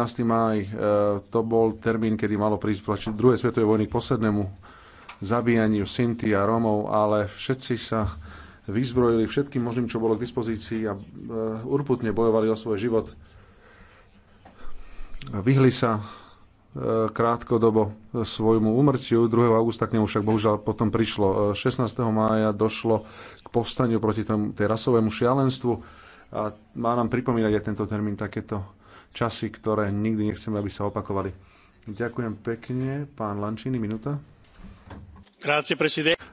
15. maj, e, to bol termín, kedy malo prísť druhej svetovej vojny k poslednému zabíjaniu Sinti a Rómov, ale všetci sa vyzbrojili všetkým možným, čo bolo k dispozícii a e, urputne bojovali o svoj život. Vyhli sa e, krátkodobo svojmu úmrtiu. 2. augusta k nemu však bohužiaľ potom prišlo. 16. mája došlo k povstaniu proti tomu, tej rasovému šialenstvu a má nám pripomínať aj tento termín takéto časy, ktoré nikdy nechceme, aby sa opakovali. Ďakujem pekne. Pán Lančíny, minúta.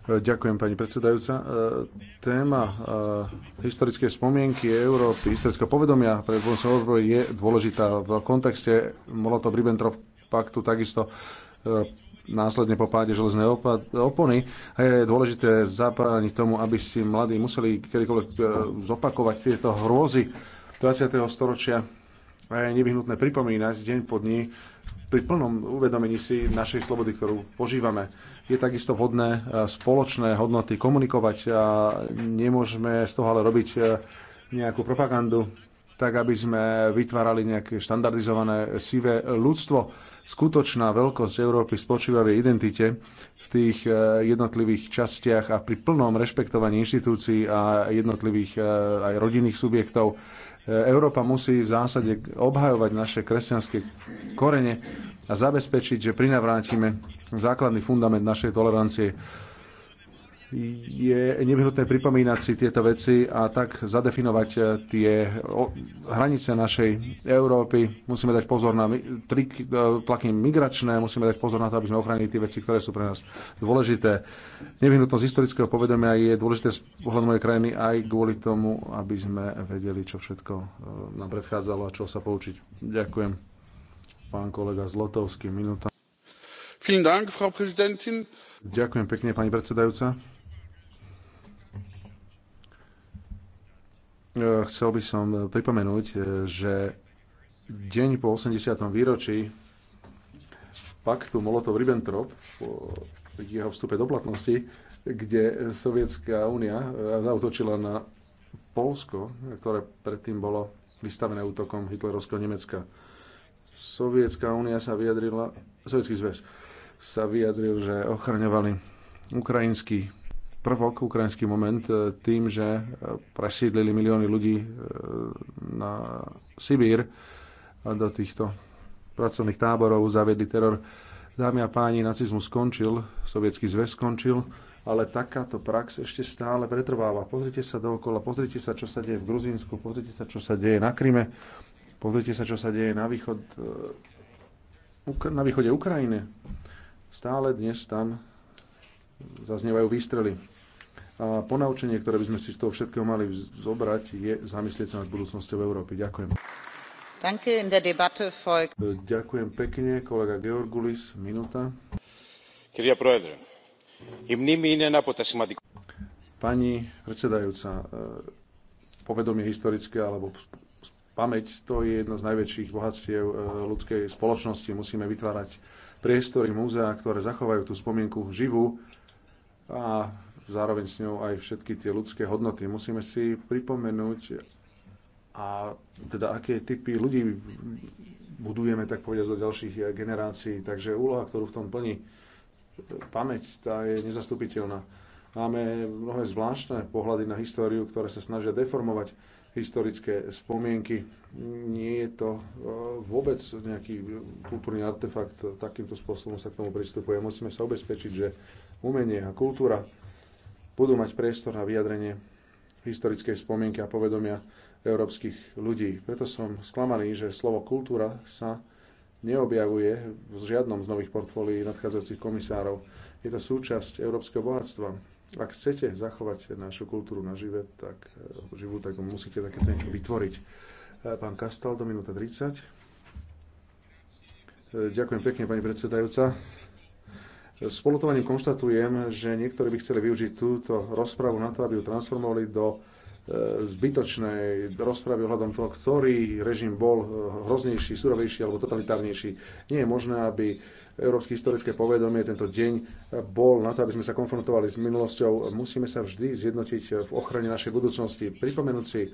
Ďakujem, pani predsedajúca. E, téma e, historickej spomienky Európy, historického povedomia pre Bonsov je dôležitá v kontexte Molotov-Ribbentrop paktu takisto e, následne po páde železnej opony. A je dôležité zabrániť tomu, aby si mladí museli kedykoľvek zopakovať tieto hrôzy 20. storočia a je nevyhnutné pripomínať deň po dni pri plnom uvedomení si našej slobody, ktorú požívame. Je takisto vhodné e, spoločné hodnoty komunikovať a nemôžeme z toho ale robiť e, nejakú propagandu, tak aby sme vytvárali nejaké štandardizované sivé ľudstvo. Skutočná veľkosť Európy spočíva v jej identite v tých e, jednotlivých častiach a pri plnom rešpektovaní inštitúcií a jednotlivých aj rodinných subjektov Európa musí v zásade obhajovať naše kresťanské korene a zabezpečiť, že prinavrátime základný fundament našej tolerancie je nevyhnutné pripomínať si tieto veci a tak zadefinovať eh, tie hranice našej Európy. Musíme dať pozor na trik, eh, tlaky migračné, musíme dať pozor na to, aby sme ochránili tie veci, ktoré sú pre nás dôležité. Nevyhnutnosť historického povedomia je dôležité z pohľadu mojej krajiny aj kvôli tomu, aby sme vedeli, čo všetko eh, nám predchádzalo a čo sa poučiť. Ďakujem. Pán kolega Zlotovský, minúta. Ďakujem, Ďakujem pekne, pani predsedajúca E, chcel by som e, pripomenúť, e, že deň po 80. výročí paktu Molotov-Ribbentrop po jeho vstupe do platnosti, kde Sovietská únia zautočila na Polsko, ktoré predtým bolo vystavené útokom hitlerovského Nemecka. Sovietská únia sa vyjadrila, Sovietský zväz sa vyjadril, že ochraňovali ukrajinský prvok, ukrajinský moment, e, tým, že e, presídlili milióny ľudí e, na Sibír do týchto pracovných táborov, zaviedli teror. Dámy a páni, nacizmus skončil, sovietský zväz skončil, ale takáto prax ešte stále pretrváva. Pozrite sa dookola, pozrite sa, čo sa deje v Gruzínsku, pozrite sa, čo sa deje na Kryme, pozrite sa, čo sa deje na, východ, na východe Ukrajiny. Stále dnes tam zaznievajú výstrely. A ponaučenie, ktoré by sme si z toho všetkého mali zobrať, je zamyslieť sa nad budúcnosťou Európy. Ďakujem. Ďakujem pekne, kolega Georgulis, minúta. Pani predsedajúca, e, povedomie historické alebo pamäť, to je jedno z najväčších bohatstiev e, ľudskej spoločnosti. Musíme vytvárať priestory, múzea, ktoré zachovajú tú spomienku živú a zároveň s ňou aj všetky tie ľudské hodnoty. Musíme si pripomenúť, a teda aké typy ľudí budujeme, tak povedať do ďalších generácií. Takže úloha, ktorú v tom plní pamäť, tá je nezastupiteľná. Máme mnohé zvláštne pohľady na históriu, ktoré sa snažia deformovať historické spomienky. Nie je to e, vôbec nejaký kultúrny artefakt, takýmto spôsobom sa k tomu pristupuje. Musíme sa ubezpečiť, že umenie a kultúra budú mať priestor na vyjadrenie historickej spomienky a povedomia európskych ľudí. Preto som sklamaný, že slovo kultúra sa neobjavuje v žiadnom z nových portfólií nadchádzajúcich komisárov. Je to súčasť európskeho bohatstva. Ak chcete zachovať našu kultúru na živé, tak, eh, živú, tak musíte takéto niečo vytvoriť. Eh, pán Kastal, do minúta 30. Eh, ďakujem pekne, pani predsedajúca. S polutovaním konštatujem, že niektorí by chceli využiť túto rozpravu na to, aby ju transformovali do e, zbytočnej rozpravy ohľadom toho, ktorý režim bol e, hroznejší, surovejší alebo totalitárnejší. Nie je možné, aby európske historické povedomie tento deň bol na to, aby sme sa konfrontovali s minulosťou. Musíme sa vždy zjednotiť v ochrane našej budúcnosti. Pripomenúť si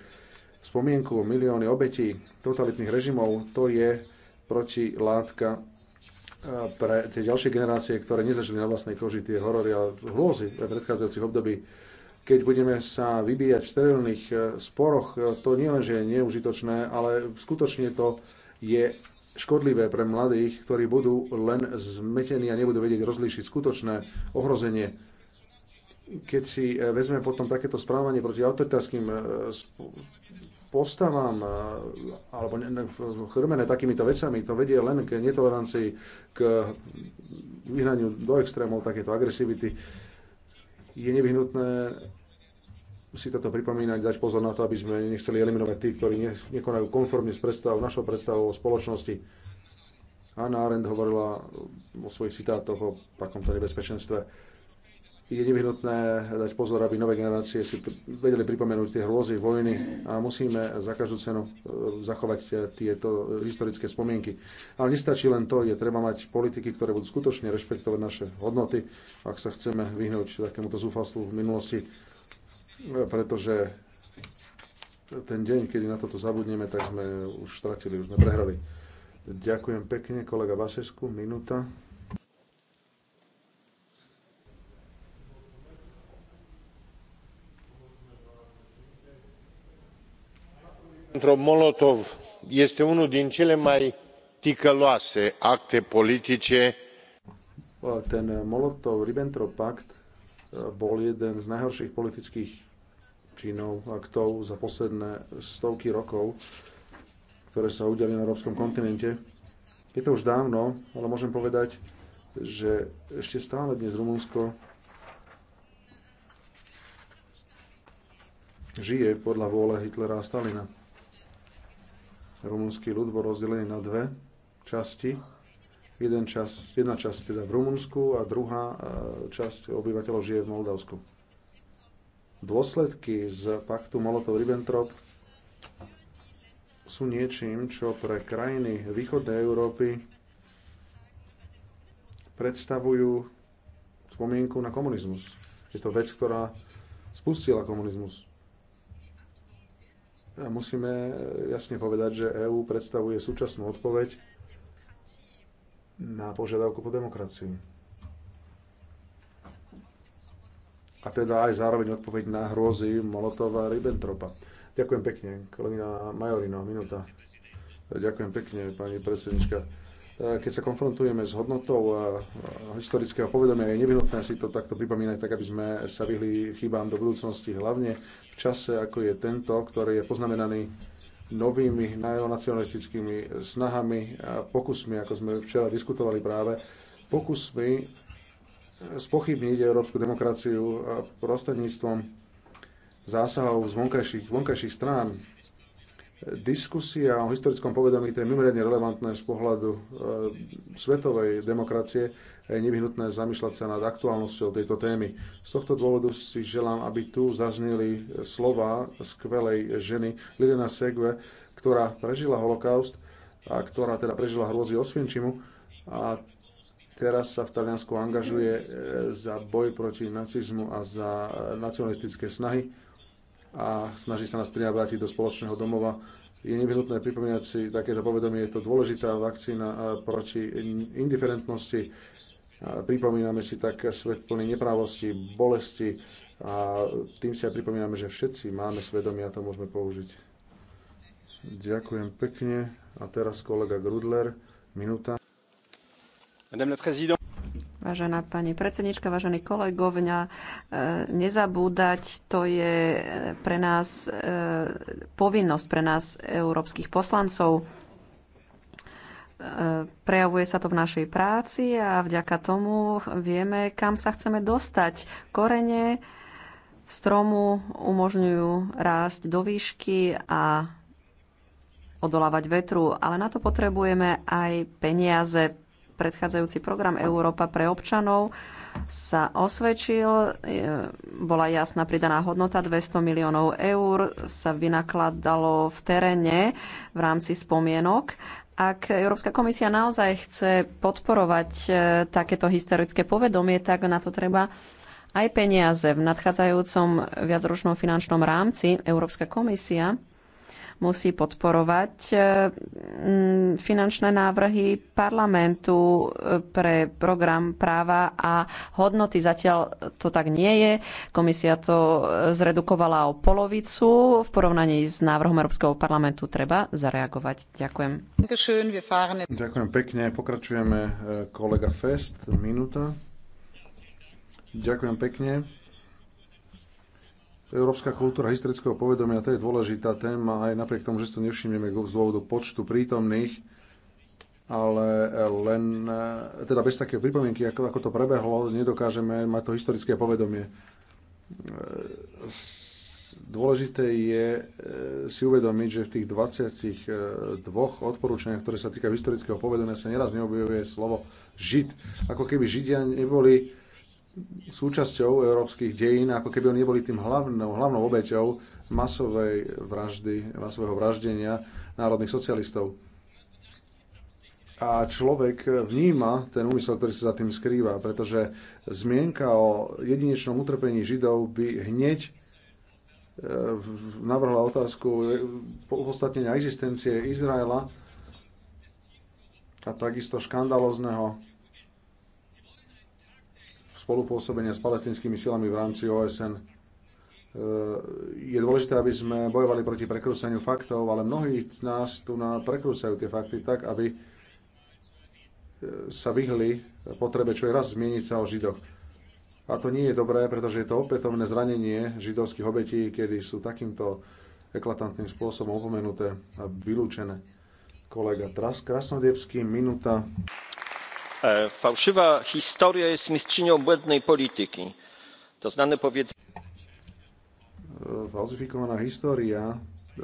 spomienku milióny obetí totalitných režimov, to je protilátka pre tie ďalšie generácie, ktoré nezažili na vlastnej koži tie horory a hrôzy predchádzajúcich období, keď budeme sa vybíjať v sterilných e, sporoch, e, to nie len, že je neužitočné, ale skutočne to je škodlivé pre mladých, ktorí budú len zmetení a nebudú vedieť rozlíšiť skutočné ohrozenie. Keď si e, vezme potom takéto správanie proti autoritárským postavám e, alebo chrmené takýmito vecami, to vedie len k netolerancii, k vyhnaniu do extrémov takéto agresivity. Je nevyhnutné si toto pripomínať, dať pozor na to, aby sme nechceli eliminovať tých, ktorí ne, nekonajú konformne s predstavou, našou predstavou o spoločnosti. Anna Arendt hovorila vo svojich citátoch o takomto nebezpečenstve je nevyhnutné dať pozor, aby nové generácie si vedeli pripomenúť tie hrôzy vojny a musíme za každú cenu e, zachovať e, tieto e, historické spomienky. Ale nestačí len to, je treba mať politiky, ktoré budú skutočne rešpektovať naše hodnoty, ak sa chceme vyhnúť takémuto zúfalstvu v minulosti, pretože ten deň, kedy na toto zabudneme, tak sme už stratili, už sme prehrali. Ďakujem pekne, kolega Basesku, minúta. dintr-o molotov este unul din cele mai ticăloase acte politice ten molotov ribbentrop pakt e, bol jeden z najhorších politických činov, aktov za posledné stovky rokov, ktoré sa udiali na európskom kontinente. Je to už dávno, ale môžem povedať, že ešte stále dnes Rumunsko žije podľa vôle Hitlera a Stalina. Rumunský ľud bol rozdelený na dve časti. Jeden čas, jedna časť teda v Rumunsku a druhá e, časť obyvateľov žije v Moldavsku. Dôsledky z paktu Molotov-Ribbentrop sú niečím, čo pre krajiny východnej Európy predstavujú spomienku na komunizmus. Je to vec, ktorá spustila komunizmus musíme jasne povedať, že EÚ predstavuje súčasnú odpoveď na požiadavku po demokracii. A teda aj zároveň odpoveď na hrôzy Molotova a Ribbentropa. Ďakujem pekne, kolegyňa Majorino, minúta. Ďakujem pekne, pani predsednička. E, keď sa konfrontujeme s hodnotou historického povedomia, je nevyhnutné si to takto pripomínať, tak aby sme sa vyhli chybám do budúcnosti, hlavne v čase, ako je tento, ktorý je poznamenaný novými neonacionalistickými snahami a pokusmi, ako sme včera diskutovali práve, pokusmi spochybniť európsku demokraciu prostredníctvom zásahov z vonkajších, vonkajších strán, Diskusia o historickom povedomí, ktoré je mimoriadne relevantné z pohľadu e, svetovej demokracie, je nevyhnutné zamýšľať sa nad aktuálnosťou tejto témy. Z tohto dôvodu si želám, aby tu zazneli slova skvelej ženy Lidena Segue, ktorá prežila holokaust a ktorá teda prežila hrôzy Osvienčimu a teraz sa v Taliansku angažuje e, za boj proti nacizmu a za e, nacionalistické snahy a snaží sa nás prinavrátiť do spoločného domova. Je nevyhnutné pripomínať si takéto povedomie, je to dôležitá vakcína proti indiferentnosti. Pripomíname si tak svet plný neprávosti, bolesti a tým si aj pripomíname, že všetci máme svedomie a to môžeme použiť. Ďakujem pekne. A teraz kolega Grudler, minúta. Madame la présidente. Vážená pani predsednička, vážení kolegovňa, e, nezabúdať, to je pre nás e, povinnosť, pre nás európskych poslancov. E, prejavuje sa to v našej práci a vďaka tomu vieme, kam sa chceme dostať. Korene stromu umožňujú rásť do výšky a odolávať vetru, ale na to potrebujeme aj peniaze predchádzajúci program Európa pre občanov sa osvedčil. Bola jasná pridaná hodnota 200 miliónov eur sa vynakladalo v teréne v rámci spomienok. Ak Európska komisia naozaj chce podporovať e, takéto historické povedomie, tak na to treba aj peniaze. V nadchádzajúcom viacročnom finančnom rámci Európska komisia musí podporovať e, finančné návrhy parlamentu e, pre program práva a hodnoty. Zatiaľ to tak nie je. Komisia to e, zredukovala o polovicu. V porovnaní s návrhom Európskeho parlamentu treba zareagovať. Ďakujem. Ďakujem pekne. Pokračujeme kolega Fest. Minúta. Ďakujem pekne. Európska kultúra historického povedomia, to je dôležitá téma, aj napriek tomu, že si to nevšimneme z dôvodu počtu prítomných, ale len, teda bez takého pripomienky, ako, ako to prebehlo, nedokážeme mať to historické povedomie. Dôležité je e, si uvedomiť, že v tých 22 e, odporúčaniach, ktoré sa týkajú historického povedomia, sa neraz neobjavuje slovo žid. Ako keby židia neboli súčasťou európskych dejín, ako keby oni neboli tým hlavnou, hlavnou obeťou masovej vraždy, masového vraždenia národných socialistov. A človek vníma ten úmysel, ktorý sa za tým skrýva, pretože zmienka o jedinečnom utrpení Židov by hneď e, navrhla otázku upodstatnenia existencie Izraela a takisto škandalozného spolupôsobenia s palestinskými silami v rámci OSN. E, je dôležité, aby sme bojovali proti prekrúseniu faktov, ale mnohí z nás tu na prekrúsajú tie fakty tak, aby e, sa vyhli potrebe čo je raz zmieniť sa o Židoch. A to nie je dobré, pretože je to opätovné zranenie židovských obetí, kedy sú takýmto eklatantným spôsobom opomenuté a vylúčené. Kolega Tras Krasnodebský, minúta. E, fałszywa historia jest mistrzynią błędnej polityki to znane powiedzenie falzifikovaná história e,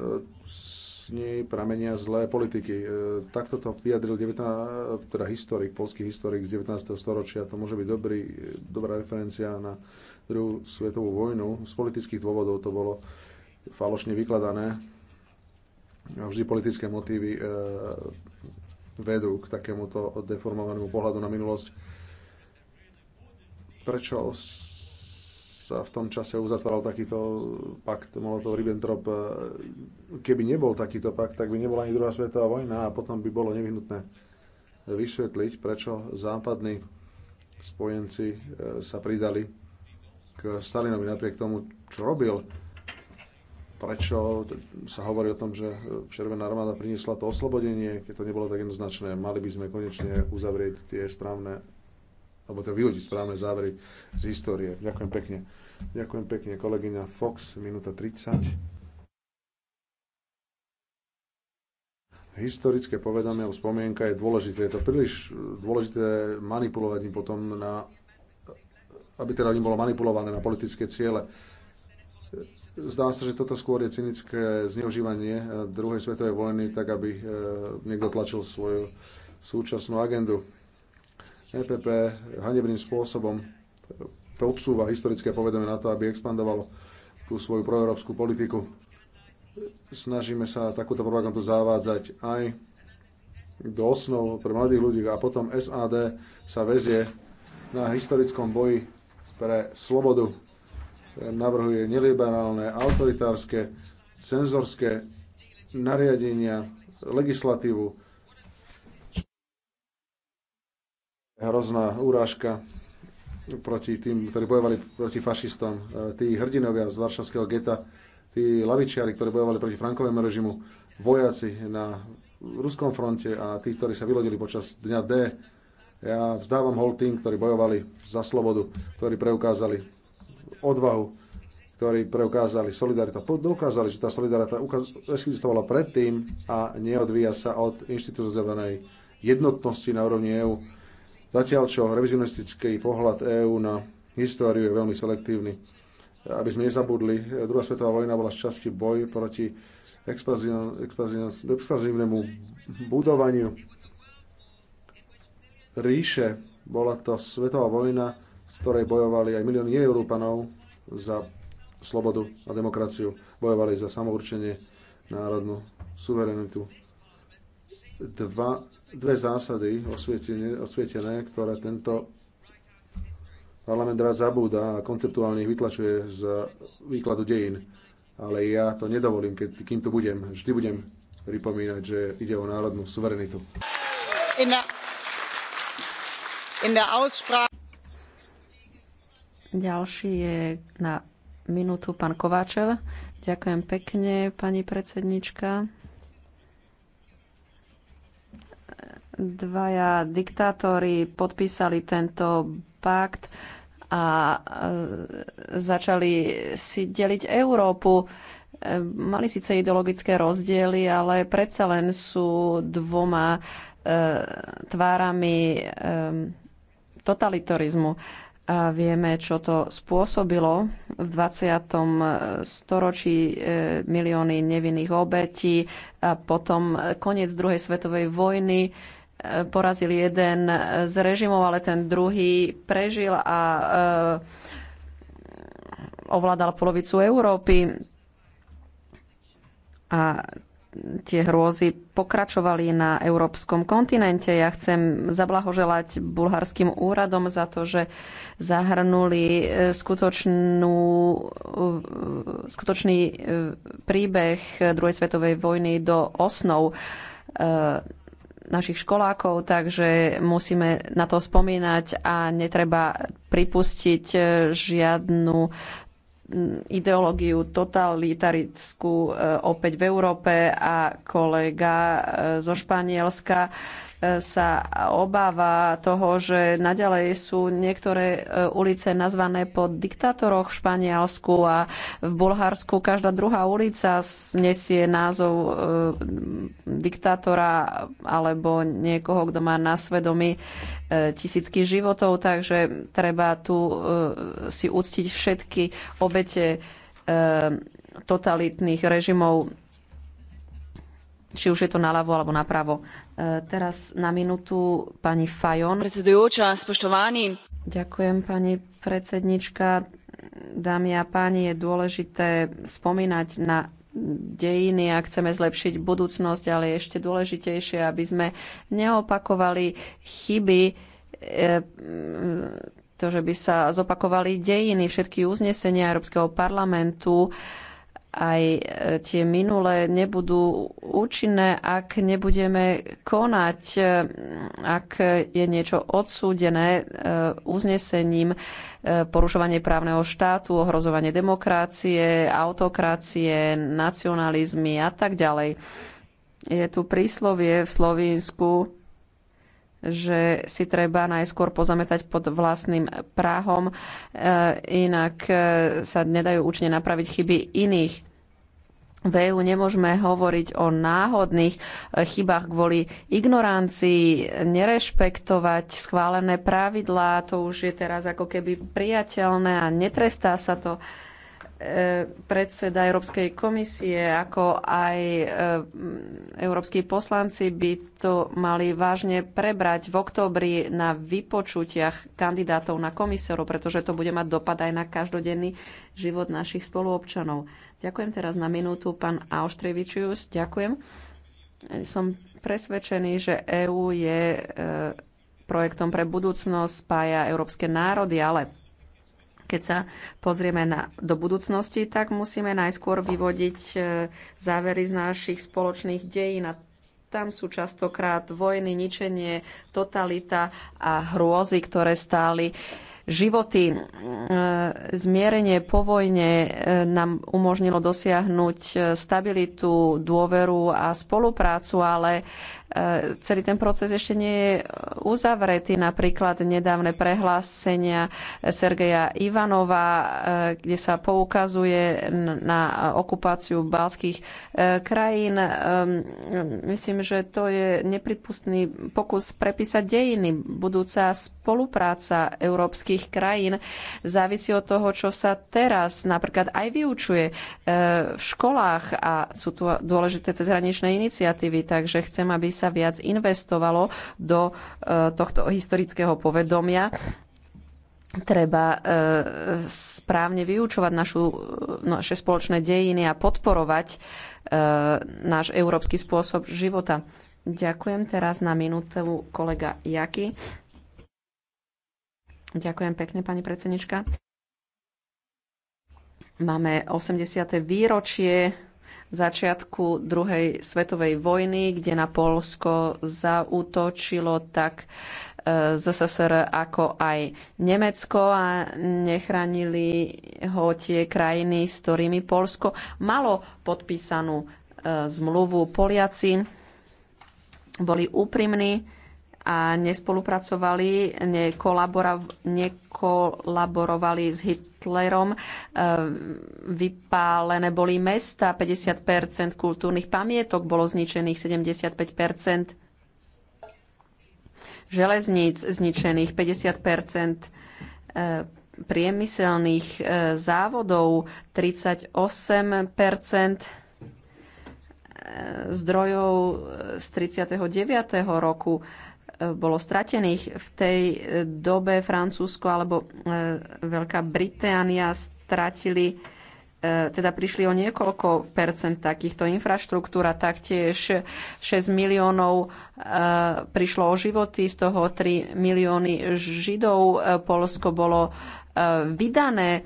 z nej pramenia zlé politiky. E, takto to vyjadril 19, teda historik, polský historik z 19. storočia. To môže byť dobrý, dobrá referencia na druhú svetovú vojnu. Z politických dôvodov to bolo falošne vykladané. Vždy politické motívy vedú k takémuto deformovanému pohľadu na minulosť. Prečo sa v tom čase uzatváral takýto pakt Molotov-Ribbentrop? Keby nebol takýto pakt, tak by nebola ani druhá svetová vojna a potom by bolo nevyhnutné vysvetliť, prečo západní spojenci eh, sa pridali k Stalinovi napriek tomu, čo robil prečo sa hovorí o tom, že Červená armáda priniesla to oslobodenie, keď to nebolo tak jednoznačné. Mali by sme konečne uzavrieť tie správne, alebo to teda vyhodiť správne závery z histórie. Ďakujem pekne. Ďakujem pekne, kolegyňa Fox, minúta 30. historické povedomie alebo spomienka je dôležité. Je to príliš dôležité manipulovať im potom na aby teda im bolo manipulované na politické ciele. Zdá sa, že toto skôr je cynické zneužívanie eh, druhej svetovej vojny, tak aby eh, niekto tlačil svoju súčasnú agendu. EPP hanebným spôsobom podsúva historické povedomie na to, aby expandovalo tú svoju proeurópsku politiku. Snažíme sa takúto propagandu zavádzať aj do osnov pre mladých ľudí a potom SAD sa vezie na historickom boji pre slobodu navrhuje neliberálne, autoritárske, cenzorské nariadenia, legislatívu. Hrozná urážka proti tým, ktorí bojovali proti fašistom, e, tí hrdinovia z Varšavského geta, tí lavičiari, ktorí bojovali proti Frankovému režimu, vojaci na ruskom fronte a tí, ktorí sa vylodili počas dňa D. Ja vzdávam hol tým, ktorí bojovali za slobodu, ktorí preukázali odvahu, ktorí preukázali solidaritu. Dokázali, že tá solidarita existovala predtým a neodvíja sa od inštitucionálnej jednotnosti na úrovni EÚ. Zatiaľ čo revizionistický pohľad EÚ na históriu je veľmi selektívny. Aby sme nezabudli, druhá svetová vojna bola z časti boj proti expanzívnemu budovaniu ríše. Bola to svetová vojna, v ktorej bojovali aj milióny Európanov za slobodu a demokraciu. Bojovali za samourčenie, národnú suverenitu. Dva, dve zásady osvietené, osvietené, ktoré tento parlament rád zabúda a konceptuálne ich vytlačuje z výkladu dejín. Ale ja to nedovolím, keď, kým tu budem. Vždy budem pripomínať, že ide o národnú suverenitu. In der, in der ďalší je na minútu pán Kováčev. Ďakujem pekne, pani predsednička. Dvaja diktátori podpísali tento pakt a e, začali si deliť Európu. E, mali síce ideologické rozdiely, ale predsa len sú dvoma e, tvárami totalitarizmu a vieme, čo to spôsobilo v 20. storočí e, milióny nevinných obetí a potom koniec druhej svetovej vojny e, porazil jeden z režimov, ale ten druhý prežil a e, ovládal polovicu Európy. A tie hrôzy pokračovali na európskom kontinente. Ja chcem zablahoželať bulharským úradom za to, že zahrnuli e, skutočnú, e, skutočný e, príbeh druhej svetovej vojny do osnov našich školákov, takže musíme na to spomínať a netreba pripustiť žiadnu ideológiu totalitarickú e, opäť v Európe a kolega e, zo Španielska sa obáva toho, že naďalej sú niektoré e, ulice nazvané po diktátoroch v Španielsku a v Bulharsku každá druhá ulica nesie názov e, diktátora alebo niekoho, kto má na svedomí e, tisícky životov, takže treba tu si uctiť všetky obete totalitných režimov či už je to naľavo alebo napravo. E, teraz na minútu pani Fajon. Predsedujúča, spoštovaní. Ďakujem, pani predsednička. Dámy a páni, je dôležité spomínať na dejiny a chceme zlepšiť budúcnosť, ale je ešte dôležitejšie, aby sme neopakovali chyby, e, to, že by sa zopakovali dejiny, všetky uznesenia Európskeho parlamentu, aj e, tie minulé nebudú účinné, ak nebudeme konať, e, ak je niečo odsúdené e, uznesením porušovanie právneho štátu, ohrozovanie demokracie, autokracie, nacionalizmy a tak ďalej. Je tu príslovie v Slovensku, že si treba najskôr pozametať pod vlastným práhom, inak sa nedajú účne napraviť chyby iných v EU nemôžeme hovoriť o náhodných e, chybách kvôli ignorancii, nerešpektovať schválené pravidlá, to už je teraz ako keby priateľné a netrestá sa to. E, predseda Európskej komisie, ako aj e, európsky poslanci by to mali vážne prebrať v oktobri na vypočutiach kandidátov na komisárov, pretože to bude mať dopad aj na každodenný život našich spoluobčanov. Ďakujem teraz na minútu, pán Auštrevičius. Ďakujem. Som presvedčený, že EÚ je e, projektom pre budúcnosť, spája európske národy, ale keď sa pozrieme na, do budúcnosti, tak musíme najskôr vyvodiť e, závery z našich spoločných dejín a tam sú častokrát vojny, ničenie, totalita a hrôzy, ktoré stáli životy. E, zmierenie po vojne e, nám umožnilo dosiahnuť stabilitu, dôveru a spoluprácu, ale E, celý ten proces ešte nie je e, uzavretý. Napríklad nedávne prehlásenia e, Sergeja Ivanova, kde sa poukazuje na okupáciu balských krajín. Myslím, že to je nepripustný pokus prepísať dejiny. Budúca spolupráca európskych krajín závisí od toho, čo sa teraz napríklad aj vyučuje v školách a sú tu dôležité cezhraničné iniciatívy, takže chcem, aby sa viac investovalo do eh, tohto historického povedomia treba eh, správne vyučovať našu, naše spoločné dejiny a podporovať eh, náš európsky spôsob života. Ďakujem teraz na minútu kolega Jaky. Ďakujem pekne, pani predsednička. Máme 80. výročie začiatku druhej svetovej vojny, kde na Polsko zautočilo tak e, ZSSR ako aj Nemecko a nechránili ho tie krajiny, s ktorými Polsko malo podpísanú e, zmluvu. Poliaci boli úprimní a nespolupracovali, nekolaborovali s Hitlerom. E, vypálené boli mesta, 50 kultúrnych pamietok bolo zničených, 75 železníc zničených, 50 e, priemyselných e, závodov, 38 zdrojov z 39. roku bolo stratených. V tej e, dobe Francúzsko alebo e, Veľká Británia stratili, e, teda prišli o niekoľko percent takýchto infraštruktúr a taktiež 6 miliónov prišlo o životy, z toho 3 milióny Židov. Polsko bolo vydané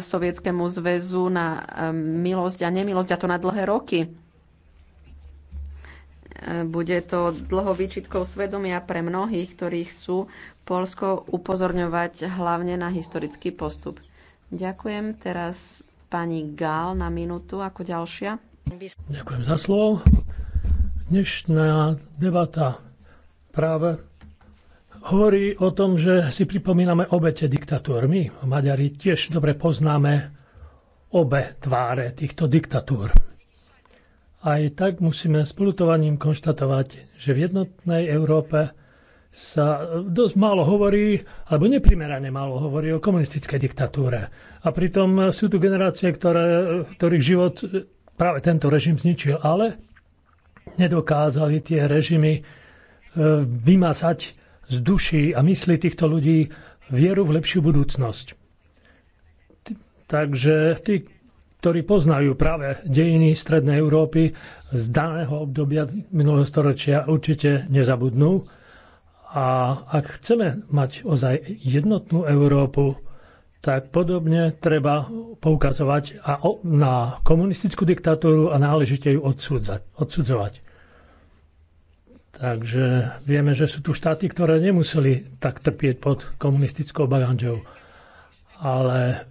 Sovietskému zväzu na milosť a nemilosť a to na dlhé roky bude to dlho výčitkou svedomia pre mnohých, ktorí chcú Polsko upozorňovať hlavne na historický postup. Ďakujem. Teraz pani Gál na minútu ako ďalšia. Ďakujem za slovo. Dnešná debata práve hovorí o tom, že si pripomíname obete diktatúr. My, Maďari, tiež dobre poznáme obe tváre týchto diktatúr. Aj tak musíme s plutovaním konštatovať, že v jednotnej Európe sa dosť málo hovorí, alebo neprimerane málo hovorí o komunistickej diktatúre. A pritom sú tu generácie, ktoré, ktorých život práve tento režim zničil, ale nedokázali tie režimy e, vymasať z duší a mysli týchto ľudí vieru v lepšiu budúcnosť. Takže tí ktorí poznajú práve dejiny Strednej Európy z daného obdobia minulého storočia, určite nezabudnú. A ak chceme mať ozaj jednotnú Európu, tak podobne treba poukazovať a o, na komunistickú diktatúru a náležite ju odsudzať, odsudzovať. Takže vieme, že sú tu štáty, ktoré nemuseli tak trpieť pod komunistickou baganžou. Ale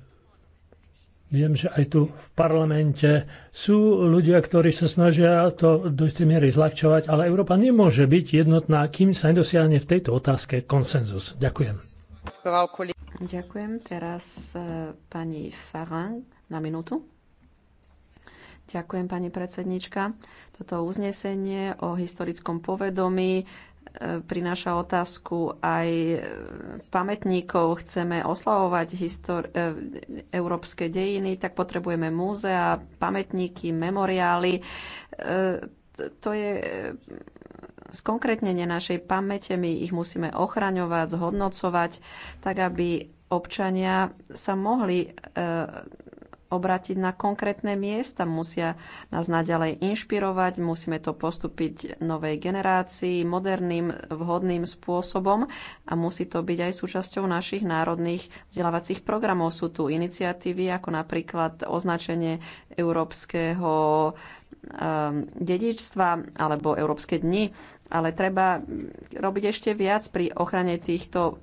Viem, že aj tu v parlamente sú ľudia, ktorí sa snažia to do istej miery zľahčovať, ale Európa nemôže byť jednotná, kým sa nedosiahne v tejto otázke konsenzus. Ďakujem. Ďakujem. Teraz e, pani Farang na minútu. Ďakujem, pani predsednička. Toto uznesenie o historickom povedomí prináša otázku aj pamätníkov. Chceme oslavovať histor- e, európske dejiny, tak potrebujeme múzea, pamätníky, memoriály. E, to je e, skonkrétnenie našej pamäte. My ich musíme ochraňovať, zhodnocovať, tak aby občania sa mohli obrátiť na konkrétne miesta, musia nás naďalej inšpirovať, musíme to postúpiť novej generácii moderným, vhodným spôsobom a musí to byť aj súčasťou našich národných vzdelávacích programov. Sú tu iniciatívy ako napríklad označenie európskeho ehm, dedičstva alebo Európske dni, ale treba robiť ešte viac pri ochrane týchto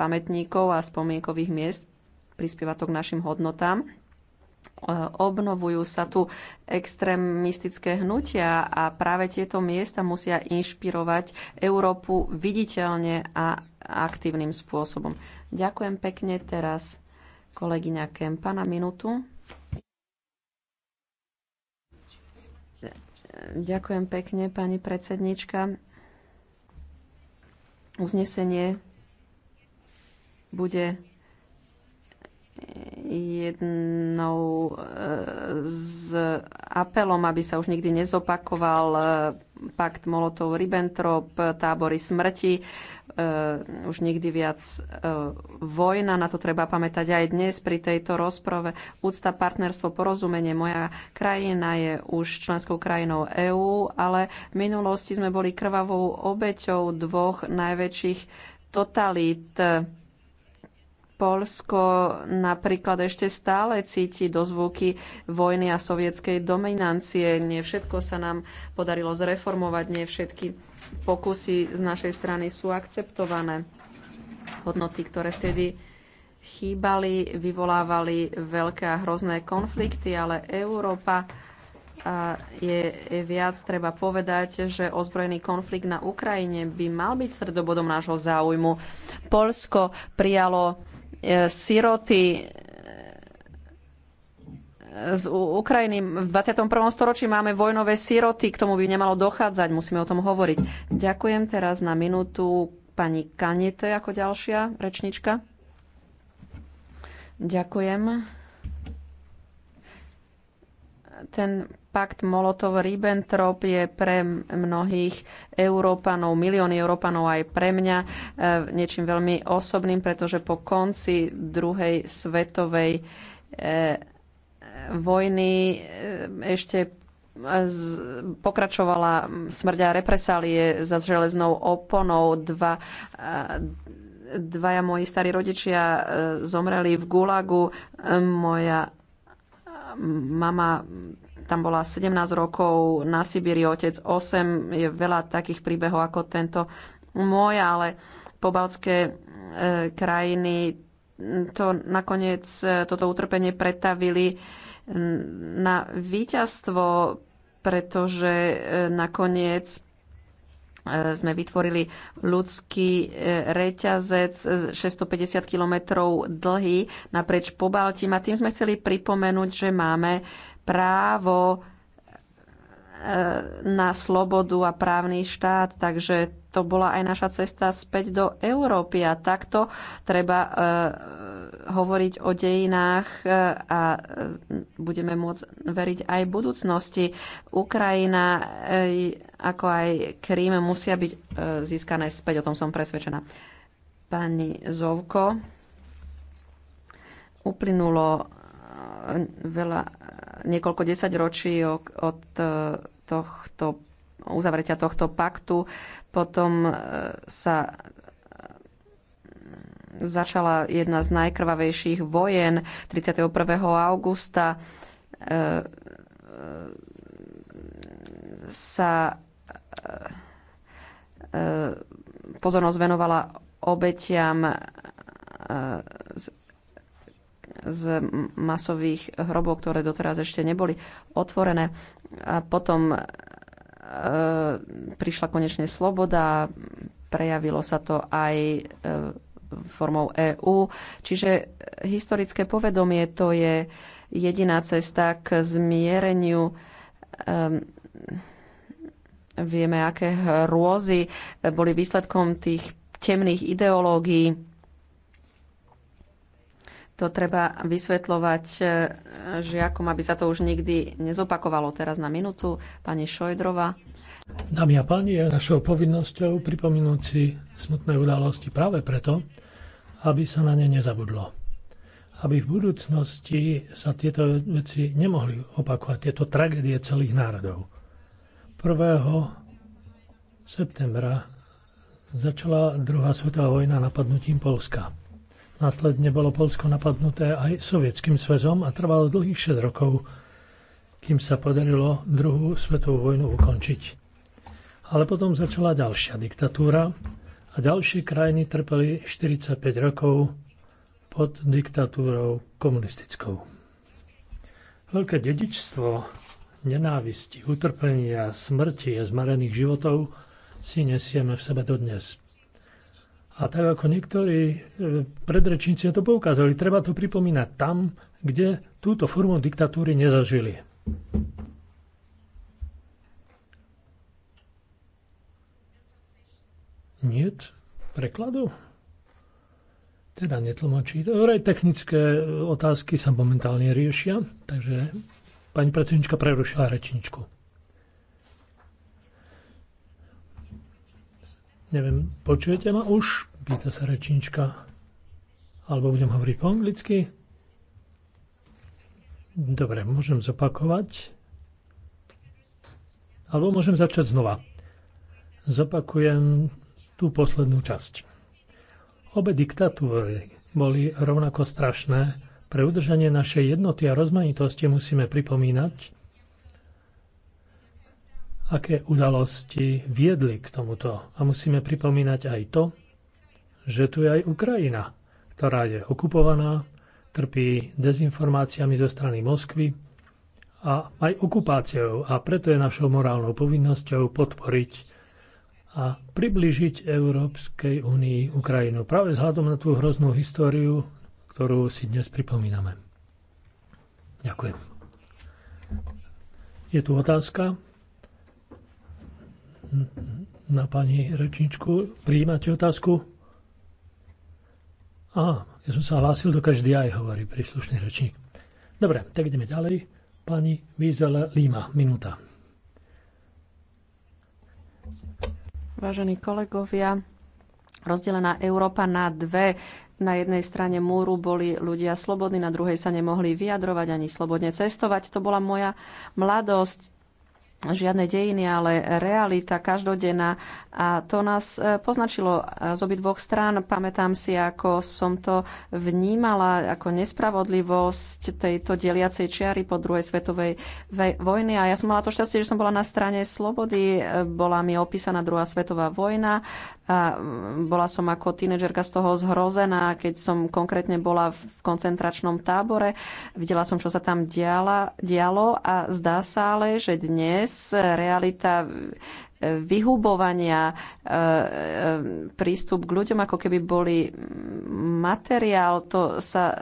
pamätníkov a spomienkových miest, prispieva to k našim hodnotám obnovujú sa tu extrémistické hnutia a práve tieto miesta musia inšpirovať Európu viditeľne a aktívnym spôsobom. Ďakujem pekne teraz kolegyňa Kempa na minútu. Ďakujem pekne, pani predsednička. Uznesenie bude jednou s e, apelom, aby sa už nikdy nezopakoval e, pakt Molotov-Ribbentrop, tábory smrti, e, už nikdy viac vojna. Na to treba pamätať aj dnes pri tejto rozprave. Úcta, partnerstvo, porozumenie. Moja krajina je už členskou krajinou EÚ, ale v minulosti sme boli krvavou obeťou dvoch najväčších totalít Polsko napríklad ešte stále cíti dozvuky vojny a sovietskej dominancie. Nie všetko sa nám podarilo zreformovať, nie všetky pokusy z našej strany sú akceptované. Hodnoty, ktoré vtedy chýbali, vyvolávali veľké a hrozné konflikty, ale Európa a je viac treba povedať, že ozbrojený konflikt na Ukrajine by mal byť stredobodom nášho záujmu. Polsko prijalo E, siroty e, z Ukrajiny. V 21. storočí máme vojnové siroty, k tomu by nemalo dochádzať, musíme o tom hovoriť. Ďakujem teraz na minútu pani Kanete ako ďalšia rečnička. Ďakujem. Ten pakt Molotov-Ribbentrop je pre mnohých Európanov, milióny Európanov aj pre mňa e, niečím veľmi osobným, pretože po konci druhej svetovej e, vojny e, ešte pokračovala smrť a represálie za železnou oponou. Dva, dvaja moji starí rodičia zomreli v Gulagu. Moja mama tam bola 17 rokov, na Sibíri otec 8, je veľa takých príbehov ako tento môj, ale pobalské e, krajiny to nakoniec e, toto utrpenie pretavili na víťazstvo, pretože e, nakoniec e, sme vytvorili ľudský reťazec 650 kilometrov dlhý naprieč Baltim a tým sme chceli pripomenúť, že máme právo e, na slobodu a právny štát, takže to bola aj naša cesta späť do Európy a takto treba e, hovoriť o dejinách e, a budeme môcť veriť aj budúcnosti. Ukrajina ako aj Krím musia byť získané späť, o tom som presvedčená. Pani Zovko, uplynulo veľa niekoľko ročí od e, tohto uzavretia tohto paktu. Potom e, sa e, začala jedna z najkrvavejších vojen 31. augusta sa pozornosť venovala obetiam z z masových hrobov, ktoré doteraz ešte neboli otvorené. A potom e, prišla konečne sloboda, prejavilo sa to aj e, formou EÚ. Čiže historické povedomie to je jediná cesta k zmiereniu. E, vieme, aké hrôzy boli výsledkom tých temných ideológií to treba vysvetľovať e, žiakom, aby sa to už nikdy nezopakovalo. Teraz na minútu pani Šojdrova. Dámy a páni, je našou povinnosťou pripomínuť si smutné udalosti práve preto, aby sa na ne nezabudlo. Aby v budúcnosti sa tieto veci nemohli opakovať, tieto tragédie celých národov. 1. septembra začala druhá svetová vojna napadnutím Polska. Následne bolo Polsko napadnuté aj sovietským svezom a trvalo dlhých 6 rokov, kým sa podarilo druhú svetovú vojnu ukončiť. Ale potom začala ďalšia diktatúra a ďalšie krajiny trpeli 45 rokov pod diktatúrou komunistickou. Veľké dedičstvo nenávisti, utrpenia, smrti a zmarených životov si nesieme v sebe dodnes – a tak ako niektorí e, predrečníci to poukázali, treba to pripomínať tam, kde túto formu diktatúry nezažili. Niet prekladu? Teda netlmočí. Dobre, technické e, otázky sa momentálne riešia, takže pani predsednička prerušila rečničku. Neviem, počujete ma už? Pýta sa rečnička. Alebo budem hovoriť po anglicky? Dobre, môžem zopakovať. Alebo môžem začať znova. Zopakujem tú poslednú časť. Obe diktatúry boli rovnako strašné. Pre udržanie našej jednoty a rozmanitosti musíme pripomínať, aké udalosti viedli k tomuto. A musíme pripomínať aj to, že tu je aj Ukrajina, ktorá je okupovaná, trpí dezinformáciami zo strany Moskvy a aj okupáciou. A preto je našou morálnou povinnosťou podporiť a približiť Európskej únii Ukrajinu práve vzhľadom na tú hroznú históriu, ktorú si dnes pripomíname. Ďakujem. Je tu otázka na pani rečničku. prijímate otázku? Á, ja som sa hlásil do každý aj, hovorí príslušný rečník. Dobre, tak ideme ďalej. Pani Vizela Líma, minúta. Vážení kolegovia, rozdelená Európa na dve. Na jednej strane múru boli ľudia slobodní, na druhej sa nemohli vyjadrovať ani slobodne cestovať. To bola moja mladosť žiadne dejiny, ale realita každodenná. A to nás e, poznačilo e, z obi dvoch strán. Pamätám si, ako som to vnímala, ako nespravodlivosť tejto deliacej čiary po druhej svetovej vojny. A ja som mala to šťastie, že som bola na strane slobody. E, bola mi opísaná druhá svetová vojna. A bola som ako tínedžerka z toho zhrozená, keď som konkrétne bola v koncentračnom tábore. Videla som, čo sa tam diala, dialo a zdá sa ale, že dnes dnes realita vyhubovania, e, e, prístup k ľuďom, ako keby boli materiál, to sa e,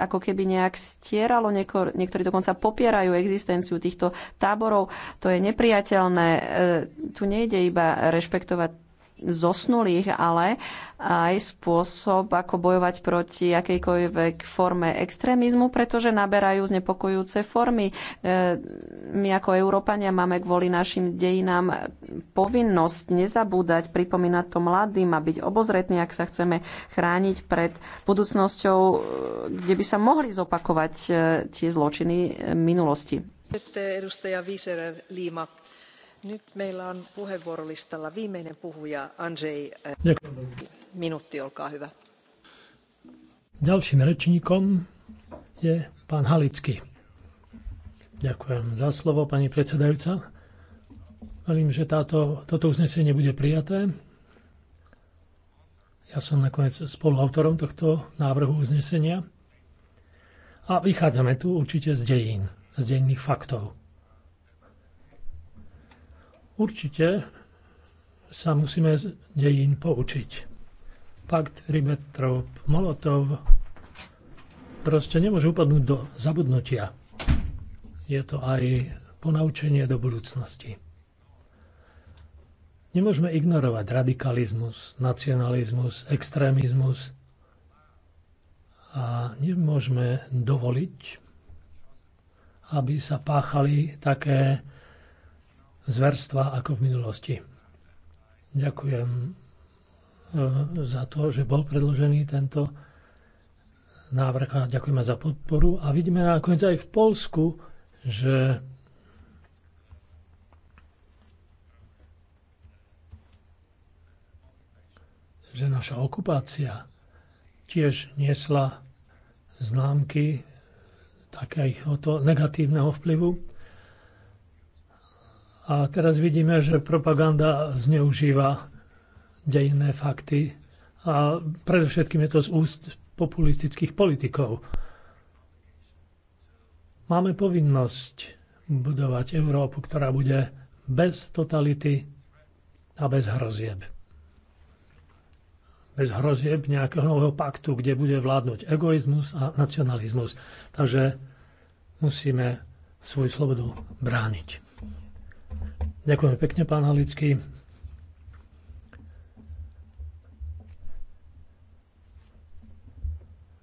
ako keby nejak stieralo, niektorí dokonca popierajú existenciu týchto táborov, to je nepriateľné. Tu nejde iba rešpektovať zosnulých, ale aj spôsob, ako bojovať proti akejkoľvek forme extrémizmu, pretože naberajú znepokojúce formy. E, my ako Európania máme kvôli našim dejinám povinnosť nezabúdať, pripomínať to mladým a byť obozretní, ak sa chceme chrániť pred budúcnosťou, kde by sa mohli zopakovať e, tie zločiny e, minulosti. E, Ďalším rečníkom je pán Halický. Ďakujem za slovo, pani predsedajúca. Verím, že táto, toto uznesenie bude prijaté. Ja som nakoniec spoluautorom tohto návrhu uznesenia. A vychádzame tu určite z dejín, z dejných faktov. Určite sa musíme z dejín poučiť. Pakt Ribbentrop-Molotov proste nemôže upadnúť do zabudnutia je to aj ponaučenie do budúcnosti. Nemôžeme ignorovať radikalizmus, nacionalizmus, extrémizmus a nemôžeme dovoliť, aby sa páchali také zverstva ako v minulosti. Ďakujem e, za to, že bol predložený tento návrh a ďakujeme za podporu. A vidíme nakoniec aj v Polsku, že že naša okupácia tiež niesla známky takéhoto negatívneho vplyvu. A teraz vidíme, že propaganda zneužíva dejinné fakty a predovšetkým je to z úst populistických politikov. Máme povinnosť budovať Európu, ktorá bude bez totality a bez hrozieb. Bez hrozieb nejakého nového paktu, kde bude vládnuť egoizmus a nacionalizmus. Takže musíme svoju slobodu brániť. Ďakujem pekne, pán Halický.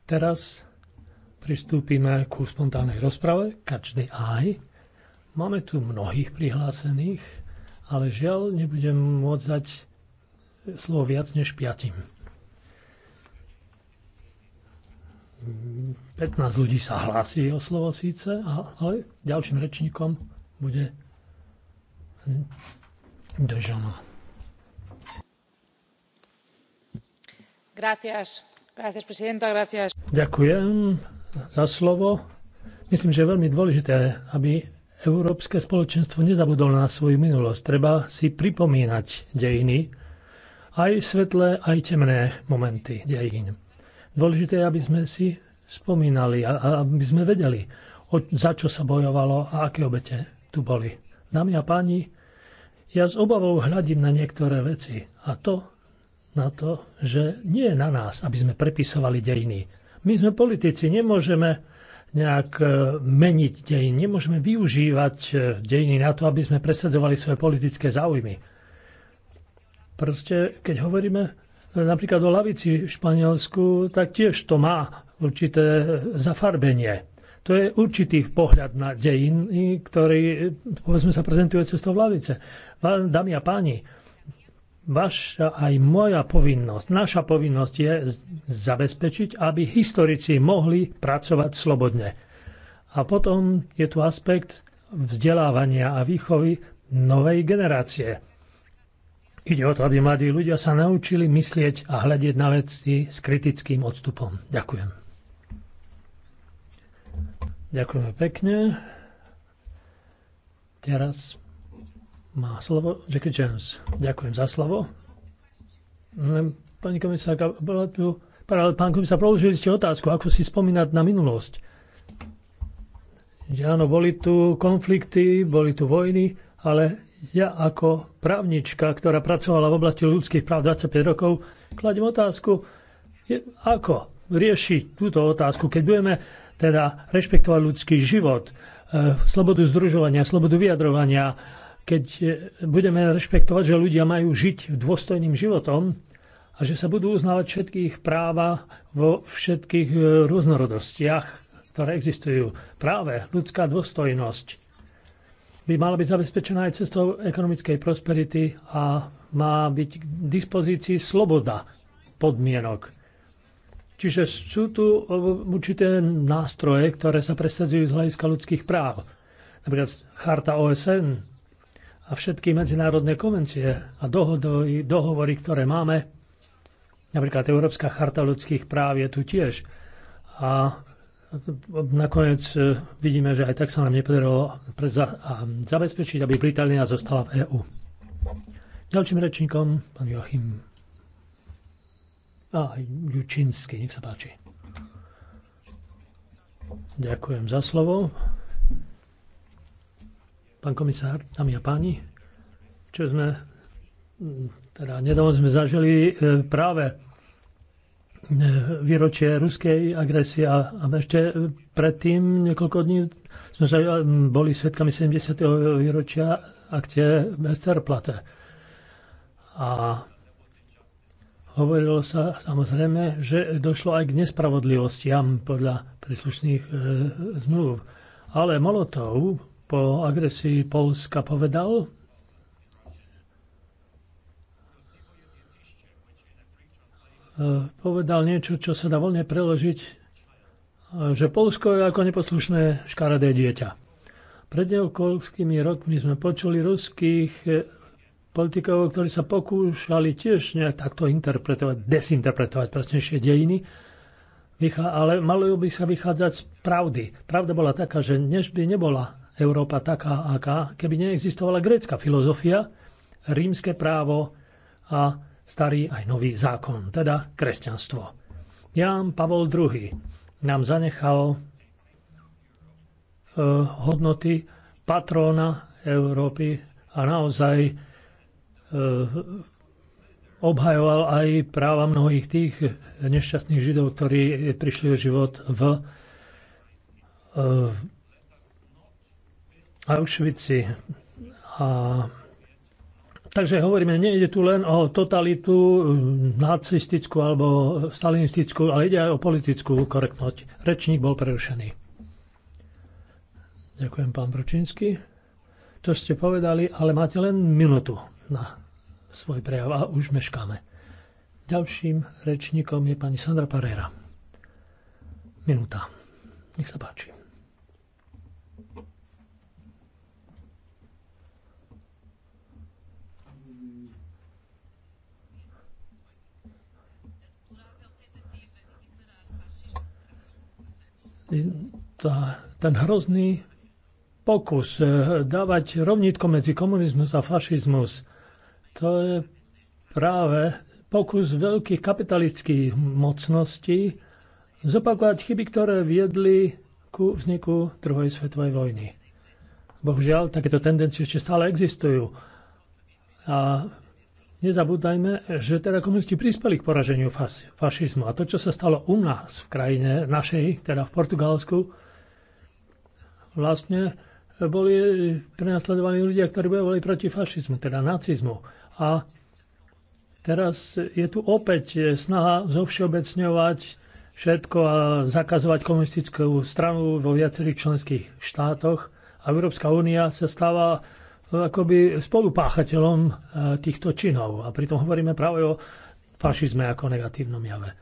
Teraz pristúpime ku spontánnej rozprave, každý aj. Máme tu mnohých prihlásených, ale žiaľ nebudem môcť dať slovo viac než piatim. 15 ľudí sa hlási o slovo síce, ale ďalším rečníkom bude Dežana. Gracias. Gracias, presidenta. Gracias. Ďakujem, za slovo. Myslím, že je veľmi dôležité, aby Európske spoločenstvo nezabudol na svoju minulosť. Treba si pripomínať dejiny, aj svetlé, aj temné momenty dejín. Dôležité je, aby sme si spomínali a aby sme vedeli, za čo sa bojovalo a aké obete tu boli. Dámy a páni, ja s obavou hľadím na niektoré veci a to na to, že nie je na nás, aby sme prepisovali dejiny, my sme politici, nemôžeme nejak e, meniť dejiny, nemôžeme využívať e, dejiny na to, aby sme presadzovali svoje politické záujmy. Proste, keď hovoríme e, napríklad o lavici v Španielsku, tak tiež to má určité zafarbenie. To je určitý pohľad na dejiny, ktorý, povedzme, sa prezentuje to v lavice. Dámy a páni, vaša aj moja povinnosť, naša povinnosť je zabezpečiť, aby historici mohli pracovať slobodne. A potom je tu aspekt vzdelávania a výchovy novej generácie. Ide o to, aby mladí ľudia sa naučili myslieť a hľadiť na veci s kritickým odstupom. Ďakujem. Ďakujeme pekne. Teraz má slovo Jackie James. Ďakujem za slovo. Pani komisárka, bola tu... Pán komisár, položili ste otázku, ako si spomínať na minulosť. Že áno, boli tu konflikty, boli tu vojny, ale ja ako právnička, ktorá pracovala v oblasti ľudských práv 25 rokov, kladem otázku, ako riešiť túto otázku, keď budeme teda rešpektovať ľudský život, e, slobodu združovania, slobodu vyjadrovania, keď e, budeme rešpektovať, že ľudia majú žiť dôstojným životom a že sa budú uznávať všetkých práva vo všetkých e, rôznorodostiach, ktoré existujú. Práve ľudská dôstojnosť by mala byť zabezpečená aj cestou ekonomickej prosperity a má byť k dispozícii sloboda podmienok. Čiže sú tu e, určité nástroje, ktoré sa presadzujú z hľadiska ľudských práv. Napríklad Charta OSN a všetky medzinárodné konvencie a dohody, dohovory, ktoré máme, napríklad Európska charta ľudských práv je tu tiež. A nakoniec e, vidíme, že aj tak sa nám nepodarilo zabezpečiť, aby Británia zostala v EÚ. Ďalším rečníkom, pán Joachim a Jučínsky, nech sa páči. Ďakujem za slovo pán komisár, dámy a páni, čo sme teda nedávno sme zažili e, práve e, výročie ruskej agresie a ešte predtým niekoľko dní sme sa e, boli svetkami 70. výročia akcie Westerplatte. A hovorilo sa samozrejme, že došlo aj k nespravodlivostiam podľa príslušných e, zmluv. Ale Molotov po agresii Polska povedal, e, povedal niečo, čo sa dá voľne preložiť, že Polsko je ako neposlušné škaredé dieťa. Pred niekoľkými rokmi sme počuli ruských e, politikov, ktorí sa pokúšali tiež nejak takto interpretovať, desinterpretovať presnejšie dejiny, ale malo by sa vychádzať z pravdy. Pravda bola taká, že než by nebola Európa taká, aká, keby neexistovala grécka filozofia, rímske právo a starý aj nový zákon, teda kresťanstvo. Ján Pavol II nám zanechal e, hodnoty patróna Európy a naozaj e, obhajoval aj práva mnohých tých nešťastných Židov, ktorí prišli o život v e, Auschwitzi. A... Takže hovoríme, nejde tu len o totalitu eh, nacistickú alebo stalinistickú, ale ide aj o politickú korektnosť. Rečník bol prerušený. Ďakujem, pán Bručínsky. To ste povedali, ale máte len minútu na svoj prejav a už meškáme. Ďalším rečníkom je pani Sandra Parera. Minúta. Nech sa páči. tá, ten hrozný pokus eh, dávať rovnitko medzi komunizmus a fašizmus, to je práve pokus veľkých kapitalických mocností zopakovať chyby, ktoré viedli ku vzniku druhej svetovej vojny. Bohužiaľ, takéto tendencie ešte stále existujú. A Nezabúdajme, že teda komunisti prispeli k poraženiu fašizmu a to, čo sa stalo u nás v krajine našej, teda v Portugalsku, vlastne boli prenasledovaní ľudia, ktorí bojovali proti fašizmu, teda nacizmu. A teraz je tu opäť snaha zovšeobecňovať všetko a zakazovať komunistickú stranu vo viacerých členských štátoch a Európska únia sa stáva akoby spolupáchateľom e, týchto činov. A pritom hovoríme práve o fašizme ako negatívnom jave.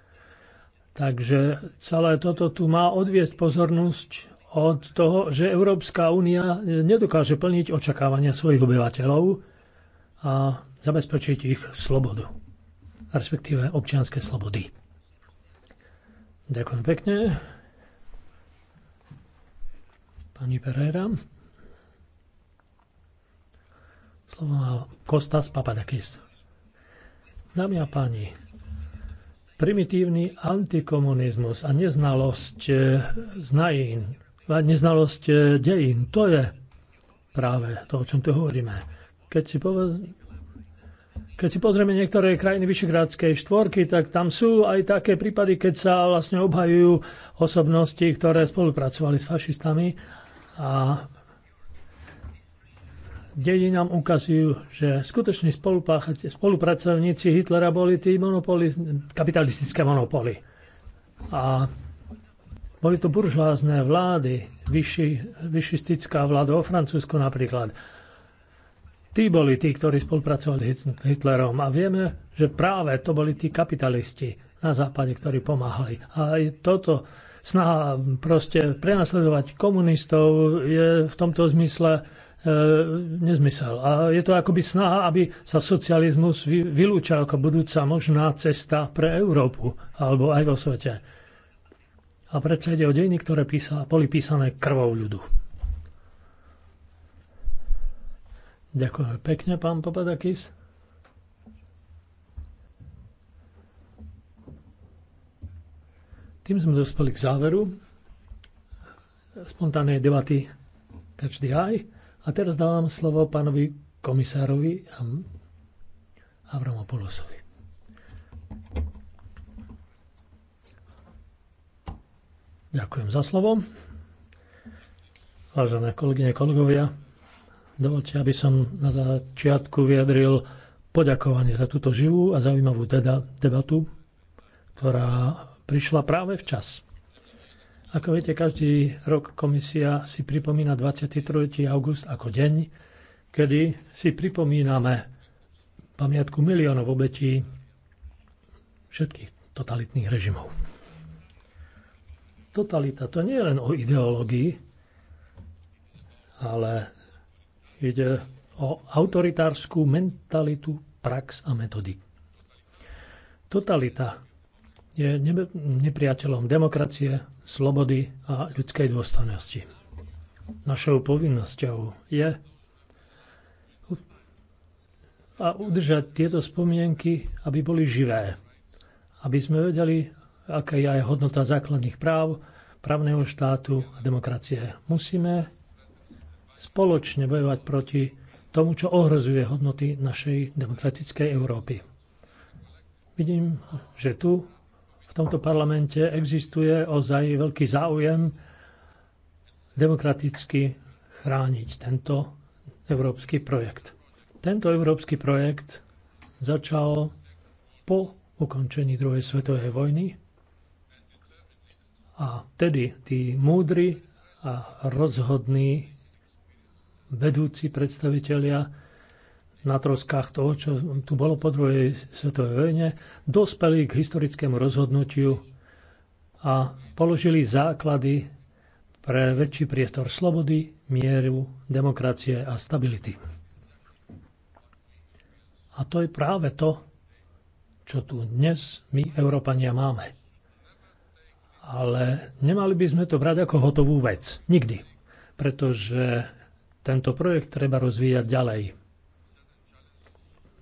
Takže celé toto tu má odviesť pozornosť od toho, že Európska únia nedokáže plniť očakávania svojich obyvateľov a zabezpečiť ich slobodu, respektíve občianské slobody. Ďakujem pekne. Pani Pereira. Slovo má Kostas Papadakis. Dámy a páni, primitívny antikomunizmus a neznalosť eh, znajín, neznalosť eh, dejín, to je práve to, o čom tu hovoríme. Keď si, povedz... keď si pozrieme niektoré krajiny Vyšegrádskej štvorky, tak tam sú aj také prípady, keď sa vlastne obhajujú osobnosti, ktoré spolupracovali s fašistami a dejiny nám ukazujú, že skutoční spolupracovníci Hitlera boli tí monopoli, kapitalistické monopoly. A boli to buržoázne vlády, vyši, vyšistická vláda o Francúzsku napríklad. Tí boli tí, ktorí spolupracovali s Hitlerom a vieme, že práve to boli tí kapitalisti na západe, ktorí pomáhali. A aj toto snaha proste prenasledovať komunistov je v tomto zmysle E, nezmysel. A je to akoby snaha, aby sa socializmus vylúčal ako budúca možná cesta pre Európu, alebo aj vo svete. A predsa ide o dejiny, ktoré písa, boli písané krvou ľudu. Ďakujem pekne, pán Popadakis. Tým sme dospeli k záveru spontánnej debaty každý aj. A teraz dávam slovo pánovi komisárovi Avramopoulosovi. Ďakujem za slovo. Vážené kolegyne, kolegovia, dovolte, aby som na začiatku vyjadril poďakovanie za túto živú a zaujímavú teda debatu, ktorá prišla práve včas. Ako viete, každý rok komisia si pripomína 23. august ako deň, kedy si pripomíname pamiatku miliónov obetí všetkých totalitných režimov. Totalita to nie je len o ideológii, ale ide o autoritárskú mentalitu, prax a metody. Totalita je nepriateľom demokracie, slobody a ľudskej dôstojnosti. Našou povinnosťou je a udržať tieto spomienky, aby boli živé. Aby sme vedeli, aká je aj hodnota základných práv, právneho štátu a demokracie. Musíme spoločne bojovať proti tomu, čo ohrozuje hodnoty našej demokratickej Európy. Vidím, že tu tomto parlamente existuje ozaj veľký záujem demokraticky chrániť tento európsky projekt. Tento európsky projekt začal po ukončení druhej svetovej vojny a tedy tí múdri a rozhodní vedúci predstavitelia na troskách toho, čo tu bolo po druhej svetovej vojne, dospeli k historickému rozhodnutiu a položili základy pre väčší priestor slobody, mieru, demokracie a stability. A to je práve to, čo tu dnes my, Európania, máme. Ale nemali by sme to brať ako hotovú vec. Nikdy. Pretože tento projekt treba rozvíjať ďalej.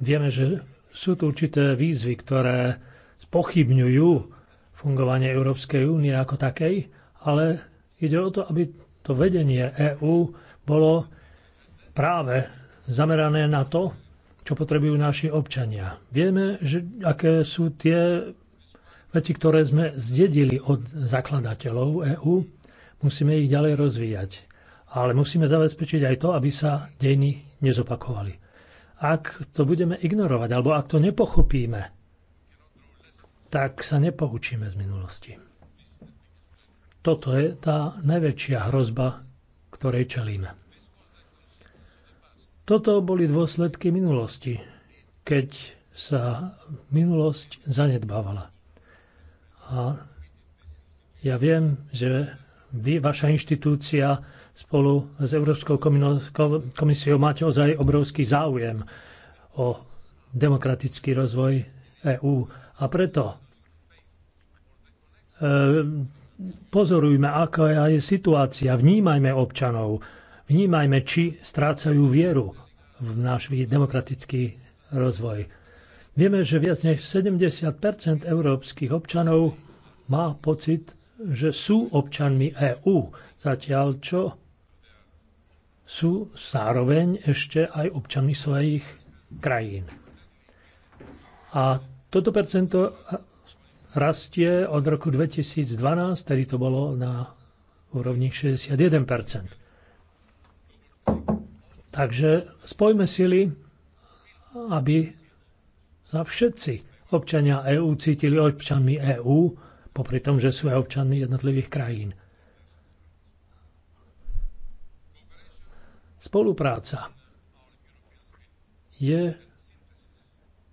Vieme, že sú tu určité výzvy, ktoré spochybňujú fungovanie Európskej únie ako takej, ale ide o to, aby to vedenie EÚ bolo práve zamerané na to, čo potrebujú naši občania. Vieme, že aké sú tie veci, ktoré sme zdedili od zakladateľov EÚ, musíme ich ďalej rozvíjať. Ale musíme zabezpečiť aj to, aby sa dejiny nezopakovali. Ak to budeme ignorovať, alebo ak to nepochopíme, tak sa nepoučíme z minulosti. Toto je tá najväčšia hrozba, ktorej čelíme. Toto boli dôsledky minulosti, keď sa minulosť zanedbávala. A ja viem, že vy, vaša inštitúcia spolu s Európskou komisiou mať ozaj obrovský záujem o demokratický rozvoj EÚ. A preto e, pozorujme, aká je situácia, vnímajme občanov, vnímajme, či strácajú vieru v náš demokratický rozvoj. Vieme, že viac než 70 európskych občanov má pocit, že sú občanmi EÚ, zatiaľ čo sú zároveň ešte aj občanmi svojich krajín. A toto percento rastie od roku 2012, tedy to bolo na úrovni 61 Takže spojme sily, aby sa všetci občania EÚ cítili občanmi EÚ, popri tom, že sú aj občanmi jednotlivých krajín. Spolupráca je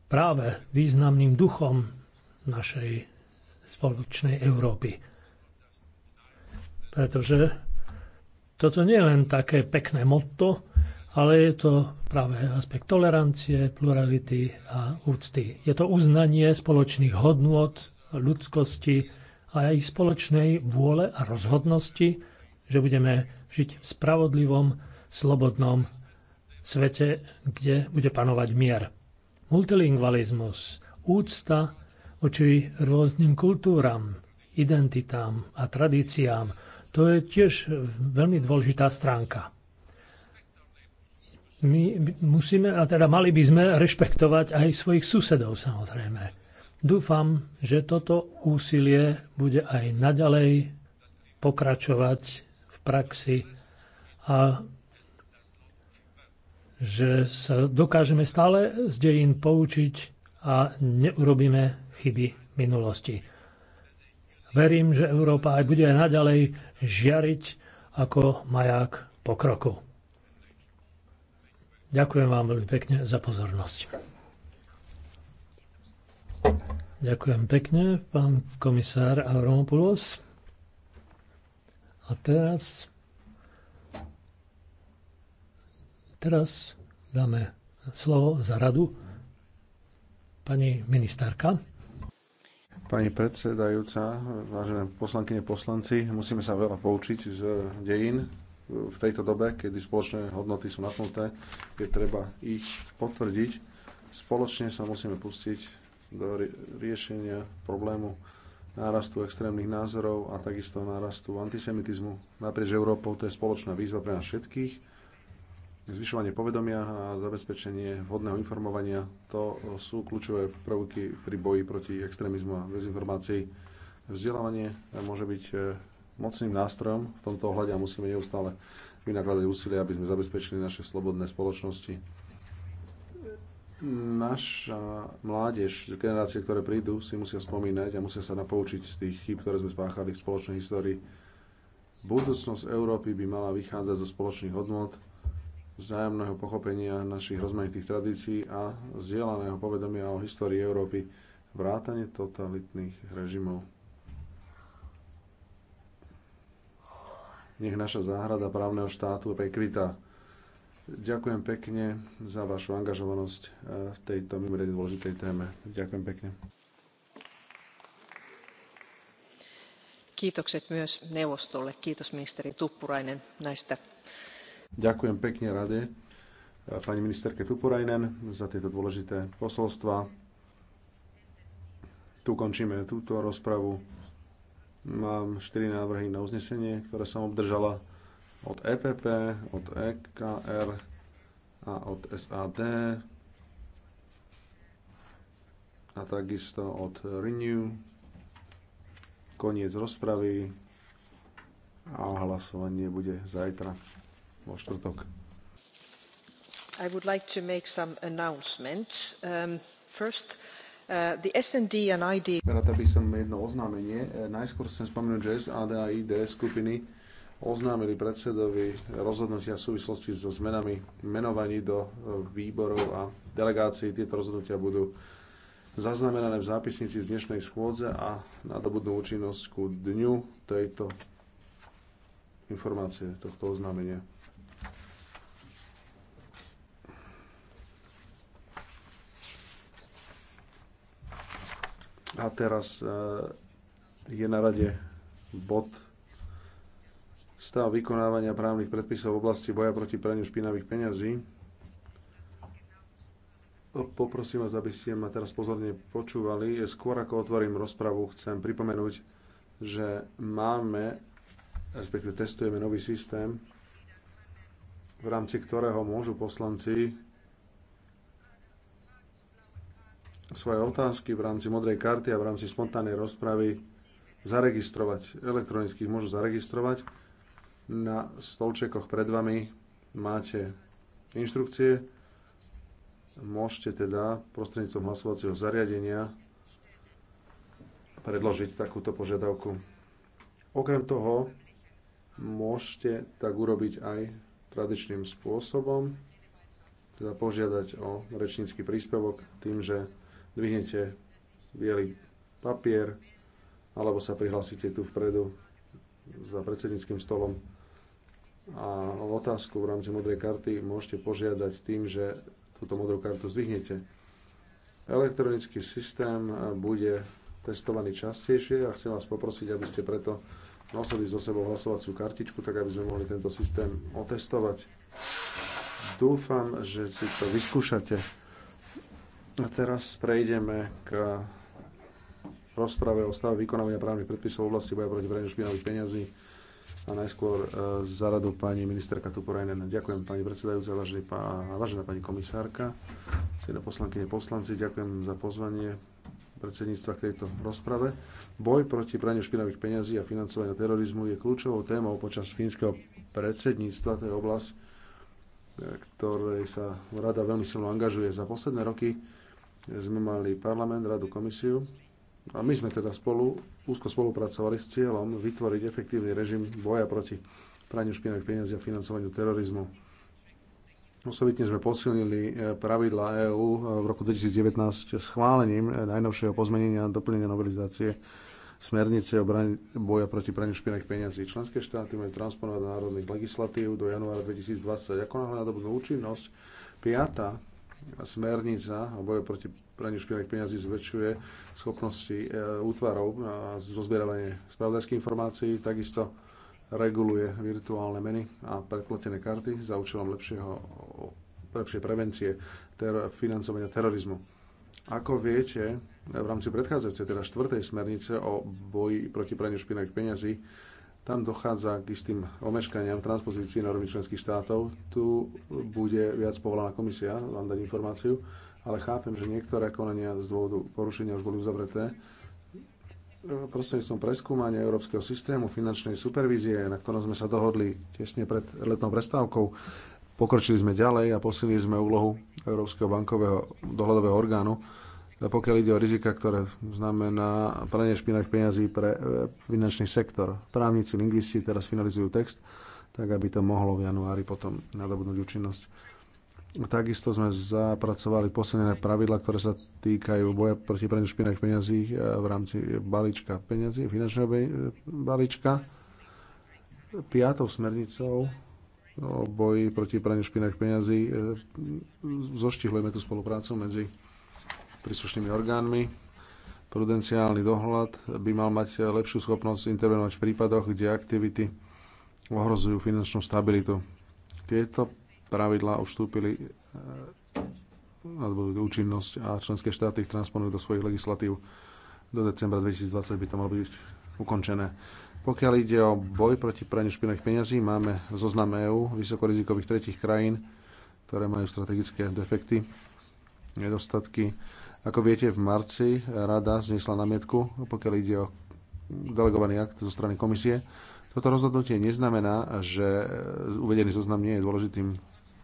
práve významným duchom našej spoločnej Európy. Pretože toto nie je len také pekné motto, ale je to práve aspekt tolerancie, plurality a úcty. Je to uznanie spoločných hodnôt, ľudskosti a aj spoločnej vôle a rozhodnosti, že budeme žiť v spravodlivom slobodnom svete, kde bude panovať mier. Multilingvalizmus, úcta voči rôznym kultúram, identitám a tradíciám, to je tiež veľmi dôležitá stránka. My musíme, a teda mali by sme rešpektovať aj svojich susedov samozrejme. Dúfam, že toto úsilie bude aj naďalej pokračovať v praxi a že sa dokážeme stále z dejín poučiť a neurobíme chyby minulosti. Verím, že Európa aj bude aj naďalej žiariť ako maják pokroku. Ďakujem vám veľmi pekne za pozornosť. Ďakujem pekne, pán komisár Avramopoulos. A teraz Teraz dáme slovo za radu pani ministerka. Pani predsedajúca, vážené poslankyne, poslanci, musíme sa veľa poučiť z dejín v tejto dobe, kedy spoločné hodnoty sú napnuté, je treba ich potvrdiť. Spoločne sa musíme pustiť do riešenia problému nárastu extrémnych názorov a takisto nárastu antisemitizmu naprieč Európou. To je spoločná výzva pre nás všetkých zvyšovanie povedomia a zabezpečenie vhodného informovania. To sú kľúčové prvky pri boji proti extrémizmu a dezinformácii. Vzdelávanie môže byť e, mocným nástrojom v tomto ohľade a musíme neustále vynakladať úsilie, aby sme zabezpečili naše slobodné spoločnosti. Naša mládež, generácie, ktoré prídu, si musia spomínať a musia sa napoučiť z tých chyb, ktoré sme spáchali v spoločnej histórii. Budúcnosť Európy by mala vychádzať zo spoločných hodnot, vzájomného pochopenia našich rozmanitých tradícií a zdieľaného povedomia o histórii Európy, vrátane totalitných režimov. Nech naša záhrada právneho štátu je prekrytá. Ďakujem pekne za vašu angažovanosť eh, v tejto mimoriadne dôležitej téme. Ďakujem pekne. Kiitokset myös neuvostolle. Kiitos ministeri Tuppurainen näistä Ďakujem pekne rade e, pani ministerke Tuporajnen za tieto dôležité posolstva. Tu končíme túto rozpravu. Mám 4 návrhy na uznesenie, ktoré som obdržala od EPP, od EKR a od SAD a takisto od Renew. Koniec rozpravy a hlasovanie bude zajtra vo štvrtok. I would like to make some announcements. Um, first, Uh, the SND and ID. Rada by som jedno oznámenie. E, najskôr chcem spomenúť, že SAD a ID skupiny oznámili predsedovi rozhodnutia v súvislosti so zmenami menovaní do e, výborov a delegácií. Tieto rozhodnutia budú zaznamenané v zápisnici z dnešnej schôdze a nadobudnú účinnosť ku dňu tejto informácie, tohto oznámenia. A teraz e, je na rade bod stav vykonávania právnych predpisov v oblasti boja proti praniu špinavých peňazí. Poprosím vás, aby ste ma teraz pozorne počúvali. Skôr ako otvorím rozpravu, chcem pripomenúť, že máme, respektíve testujeme nový systém, v rámci ktorého môžu poslanci svoje otázky v rámci modrej karty a v rámci spontánnej rozpravy zaregistrovať. Elektronicky môžu zaregistrovať. Na stolčekoch pred vami máte inštrukcie. Môžete teda prostredníctvom hlasovacieho zariadenia predložiť takúto požiadavku. Okrem toho môžete tak urobiť aj tradičným spôsobom, teda požiadať o rečnícky príspevok tým, že dvihnete biely papier alebo sa prihlásite tu vpredu za predsedníckým stolom a o otázku v rámci modrej karty môžete požiadať tým, že túto modrú kartu zvihnete. Elektronický systém bude testovaný častejšie a chcem vás poprosiť, aby ste preto nosili so sebou hlasovaciu kartičku, tak aby sme mohli tento systém otestovať. Dúfam, že si to vyskúšate. A teraz prejdeme k rozprave o stave vykonávania právnych predpisov v oblasti boja proti praniu špinavých peňazí a najskôr e, za radu pani ministerka Tuporajnen. Ďakujem pani predsedajúca, pá, vážená pani komisárka, cieľa poslankyne poslanci, ďakujem za pozvanie predsedníctva k tejto rozprave. Boj proti praniu špinavých peňazí a financovania terorizmu je kľúčovou témou počas fínskeho predsedníctva. To je oblasť, e, ktorej sa rada veľmi silno angažuje. Za posledné roky sme mali parlament, radu, komisiu a my sme teda spolu, úzko spolupracovali s cieľom vytvoriť efektívny režim boja proti praniu špinavých peniazí a financovaniu terorizmu. Osobitne sme posilnili e, pravidla EÚ e, v roku 2019 schválením e, najnovšieho pozmenenia a doplnenia novelizácie smernice o brani, boja proti praniu špinavých peniazí. Členské štáty majú transponovať národných legislatív do januára 2020. Ako náhle nadobudnú účinnosť, piata smernica o boju proti praniu špinavých peňazí zväčšuje schopnosti e, útvarov na zozbieranie spravodajských informácií, takisto reguluje virtuálne meny a predplatené karty za účelom lepšieho, lepšej prevencie ter- financovania terorizmu. Ako viete, v rámci predchádzajúcej, teda štvrtej smernice o boji proti praniu špinavých peňazí, tam dochádza k istým omeškaniam transpozícií normy členských štátov. Tu bude viac povolaná komisia, vám dať informáciu, ale chápem, že niektoré konania z dôvodu porušenia už boli uzavreté. Prostredníctvom preskúmania Európskeho systému finančnej supervízie, na ktorom sme sa dohodli tesne pred letnou prestávkou, pokročili sme ďalej a posilili sme úlohu Európskeho bankového dohľadového orgánu pokiaľ ide o rizika, ktoré znamená pranie špinavých peňazí pre e, finančný sektor. Právnici, lingvisti teraz finalizujú text, tak aby to mohlo v januári potom nadobudnúť účinnosť. Takisto sme zapracovali posledné pravidla, ktoré sa týkajú boja proti praniu špinavých peňazí e, v rámci balíčka peňazí, finančného balíčka. Piatou smernicou o boji proti praniu špinavých peňazí e, zoštihlujeme tú spoluprácu medzi príslušnými orgánmi. Prudenciálny dohľad by mal mať lepšiu schopnosť intervenovať v prípadoch, kde aktivity ohrozujú finančnú stabilitu. Tieto pravidlá už vstúpili eh, alebo účinnosť a členské štáty ich transponujú do svojich legislatív. Do decembra 2020 by to malo byť ukončené. Pokiaľ ide o boj proti praniu špinavých peňazí, máme zoznam EÚ vysokorizikových tretich krajín, ktoré majú strategické defekty, nedostatky, ako viete, v marci rada znesla namietku, pokiaľ ide o delegovaný akt zo strany komisie. Toto rozhodnutie neznamená, že uvedený zoznam nie je dôležitým,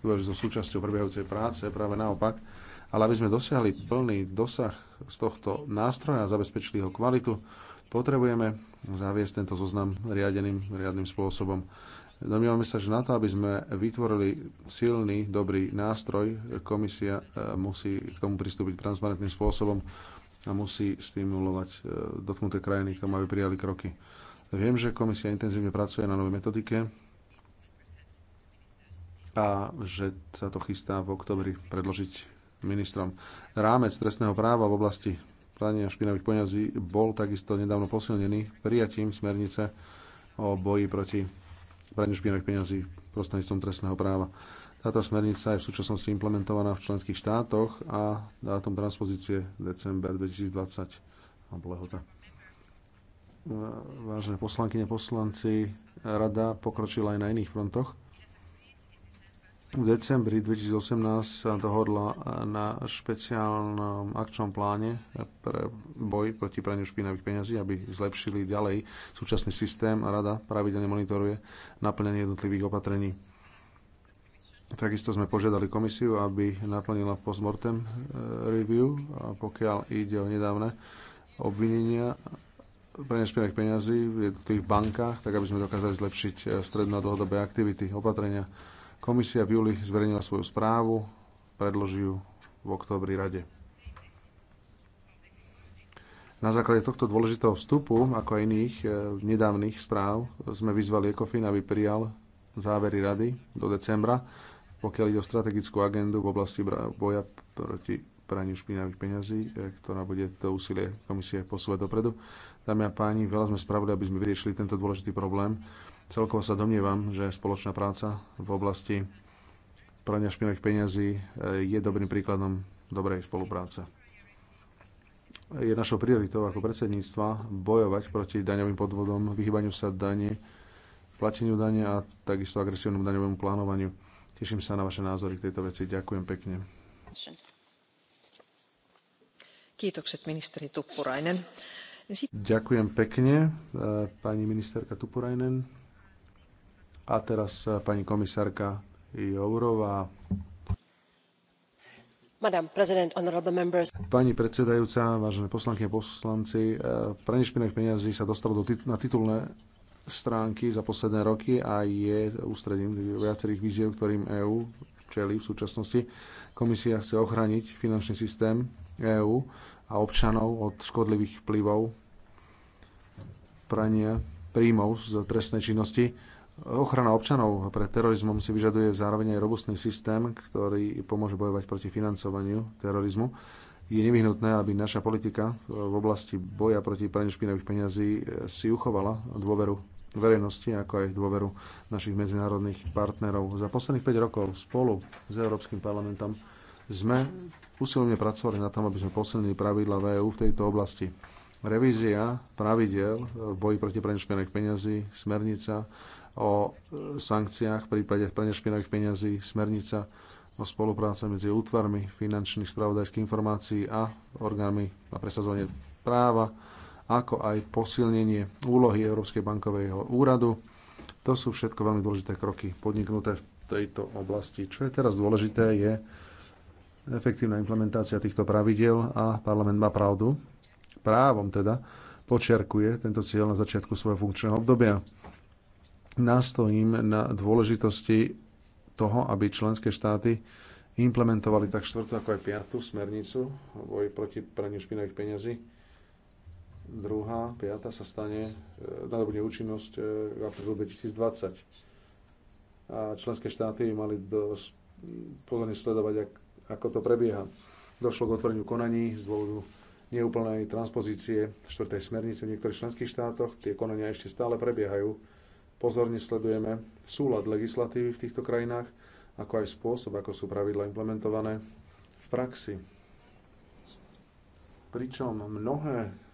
dôležitou súčasťou prebiehajúcej práce, práve naopak, ale aby sme dosiahli plný dosah z tohto nástroja a zabezpečili jeho kvalitu, potrebujeme zaviesť tento zoznam riadeným, riadnym spôsobom. Domnievame sa, že na to, aby sme vytvorili silný, dobrý nástroj, komisia e, musí k tomu pristúpiť transparentným spôsobom a musí stimulovať e, dotknuté krajiny k tomu, aby prijali kroky. Viem, že komisia intenzívne pracuje na novej metodike a že sa to chystá v oktobri predložiť ministrom. Rámec trestného práva v oblasti prania špinavých poňazí bol takisto nedávno posilnený prijatím smernice o boji proti praniu špinavých peňazí prostredníctvom trestného práva. Táto smernica je v súčasnosti implementovaná v členských štátoch a dátum transpozície december 2020 alebo lehota. Vážené poslankyne, poslanci, rada pokročila aj na iných frontoch v decembri 2018 sa dohodla na špeciálnom akčnom pláne pre boj proti praniu špinavých peňazí, aby zlepšili ďalej súčasný systém a rada pravidelne monitoruje naplnenie jednotlivých opatrení. Takisto sme požiadali komisiu, aby naplnila postmortem e, review a pokiaľ ide o nedávne obvinenia pranie špinavých peňazí v jednotlivých bankách, tak aby sme dokázali zlepšiť e, stredno a dlhodobé aktivity, opatrenia Komisia v júli zverejnila svoju správu, predloží ju v oktobri rade. Na základe tohto dôležitého vstupu, ako aj iných e, nedávnych správ, sme vyzvali ECOFIN, aby prijal závery rady do decembra, pokiaľ ide o strategickú agendu v oblasti boja proti praniu špinavých peňazí, e, ktorá bude to úsilie komisie posúvať dopredu. Dámy a páni, veľa sme spravili, aby sme vyriešili tento dôležitý problém Celkovo sa domnievam, že spoločná práca v oblasti prania špinavých peňazí e, je dobrým príkladom dobrej spolupráce. Je našou prioritou ako predsedníctva bojovať proti daňovým podvodom, vyhýbaniu sa dane, plateniu dane a takisto agresívnemu daňovému plánovaniu. Teším sa na vaše názory k tejto veci. Ďakujem pekne. Ďakujem pekne, e, pani ministerka Tupurainen. A teraz eh, pani komisárka Jourová. Pani predsedajúca, vážené poslanky a poslanci, eh, pranie špinavých peniazí sa dostalo do tit- na titulné stránky za posledné roky a je ústredím viacerých víziev, ktorým EÚ čeli v súčasnosti. Komisia chce ochrániť finančný systém EÚ a občanov od škodlivých vplyvov prania príjmov z trestnej činnosti Ochrana občanov pred terorizmom si vyžaduje zároveň aj robustný systém, ktorý pomôže bojovať proti financovaniu terorizmu. Je nevyhnutné, aby naša politika v oblasti boja proti praniu špinavých peňazí si uchovala dôveru verejnosti, ako aj dôveru našich medzinárodných partnerov. Za posledných 5 rokov spolu s Európskym parlamentom sme usilovne pracovali na tom, aby sme posilnili pravidla VEU v tejto oblasti. Revízia pravidel v boji proti praniu špinavých peňazí, smernica o e, sankciách v prípade plne špinavých peňazí, smernica o spolupráce medzi útvarmi finančných spravodajských informácií a orgánmi na presadzovanie práva, ako aj posilnenie úlohy Európskej bankového úradu. To sú všetko veľmi dôležité kroky podniknuté v tejto oblasti. Čo je teraz dôležité, je efektívna implementácia týchto pravidel a parlament má pravdu. Právom teda počiarkuje tento cieľ na začiatku svojho funkčného obdobia nástojím na dôležitosti toho, aby členské štáty implementovali tak štvrtú ako aj piatú smernicu o boji proti praniu špinavých peňazí. Druhá, piata sa stane, e, nadobudne účinnosť e, v aprílu 2020. A členské štáty mali dosť pozorne sledovať, ak, ako to prebieha. Došlo k otvoreniu konaní z dôvodu neúplnej transpozície štvrtej smernice v niektorých členských štátoch. Tie konania ešte stále prebiehajú Pozorne sledujeme súlad legislatívy v týchto krajinách, ako aj spôsob, ako sú pravidla implementované v praxi. Pričom mnohé